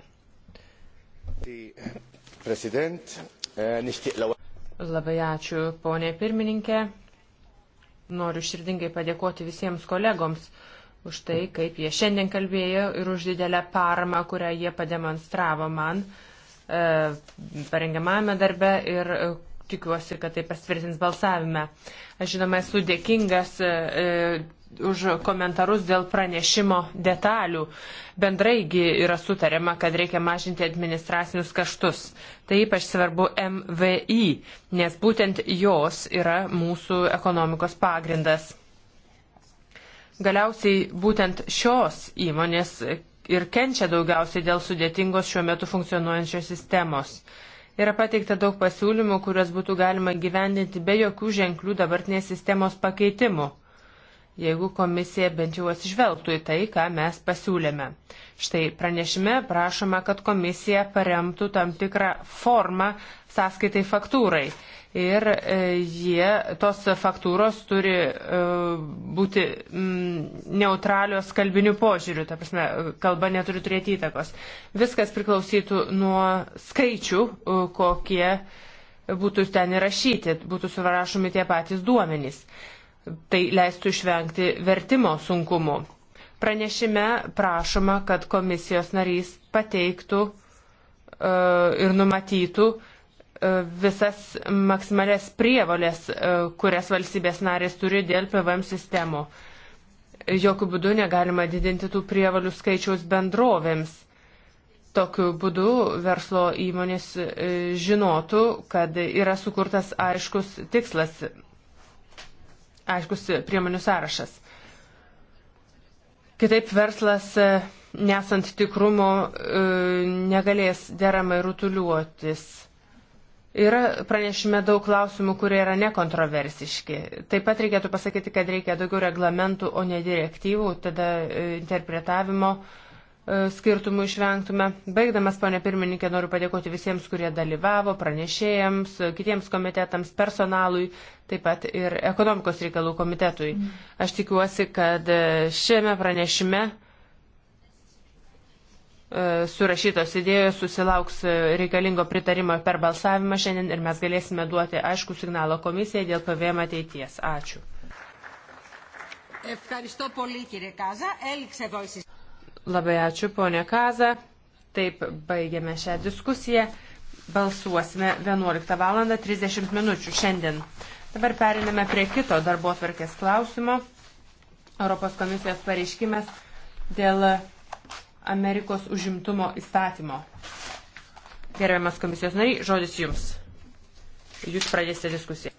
Labai ačiū, ponė pirmininkė. Noriu širdingai padėkoti visiems kolegoms už tai, kaip jie šiandien kalbėjo ir už didelę paramą, kurią jie pademonstravo man e, parengiamame darbe ir e, tikiuosi, kad tai pasvirtins balsavime. Aš žinoma esu dėkingas e, už komentarus dėl pranešimo detalių. Bendraigi yra sutariama, kad reikia mažinti administracinius kaštus. Tai ypač svarbu MVI, nes būtent jos yra mūsų ekonomikos pagrindas. Galiausiai būtent šios įmonės ir kenčia daugiausiai dėl sudėtingos šiuo metu funkcionuojančios sistemos. Yra pateikta daug pasiūlymų, kuriuos būtų galima gyvendinti be jokių ženklių dabartinės sistemos pakeitimų jeigu komisija bent jau atsižvelgtų į tai, ką mes pasiūlėme. Štai pranešime prašoma, kad komisija paremtų tam tikrą formą sąskaitai faktūrai. Ir e, jie, tos faktūros turi e, būti neutralios kalbinių požiūrių, ta prasme, kalba neturi turėti įtakos. Viskas priklausytų nuo skaičių, e, kokie būtų ten įrašyti, būtų surašomi tie patys duomenys tai leistų išvengti vertimo sunkumų. Pranešime prašoma, kad komisijos narys pateiktų e, ir numatytų e, visas maksimalias prievalės, e, kurias valstybės narės turi dėl PVM sistemų. Jokių būdų negalima didinti tų prievalių skaičiaus bendrovėms. Tokiu būdu verslo įmonės žinotų, kad yra sukurtas aiškus tikslas aiškus priemonių sąrašas. Kitaip verslas, e, nesant tikrumo, e, negalės deramai rutuliuotis. Yra pranešime daug klausimų, kurie yra nekontroversiški. Taip pat reikėtų pasakyti, kad reikia daugiau reglamentų, o ne direktyvų, tada e, interpretavimo uh, E, skirtumų išvengtume. Baigdamas, ponė pirmininkė, noriu padėkoti visiems, kurie dalyvavo, pranešėjams, kitiems komitetams, personalui, taip pat ir ekonomikos reikalų komitetui. Aš tikiuosi, kad šiame pranešime e, surašytos idėjos susilauks reikalingo pritarimo per balsavimą šiandien ir mes galėsime duoti aišku signalą komisijai dėl PVM ateities. Ačiū. Ευχαριστώ πολύ κύριε Κάζα. Έληξε εδώ η συζήτηση. Labai ačiū, ponė Kaza. Taip, baigiame šią diskusiją. Balsuosime 11 val. 30 minučių šiandien. Dabar periname prie kito darbo atvarkės klausimo. Europos komisijos pareiškimas dėl Amerikos užimtumo įstatymo. Gerbiamas komisijos nariai, žodis jums. Jūs pradėsite diskusiją.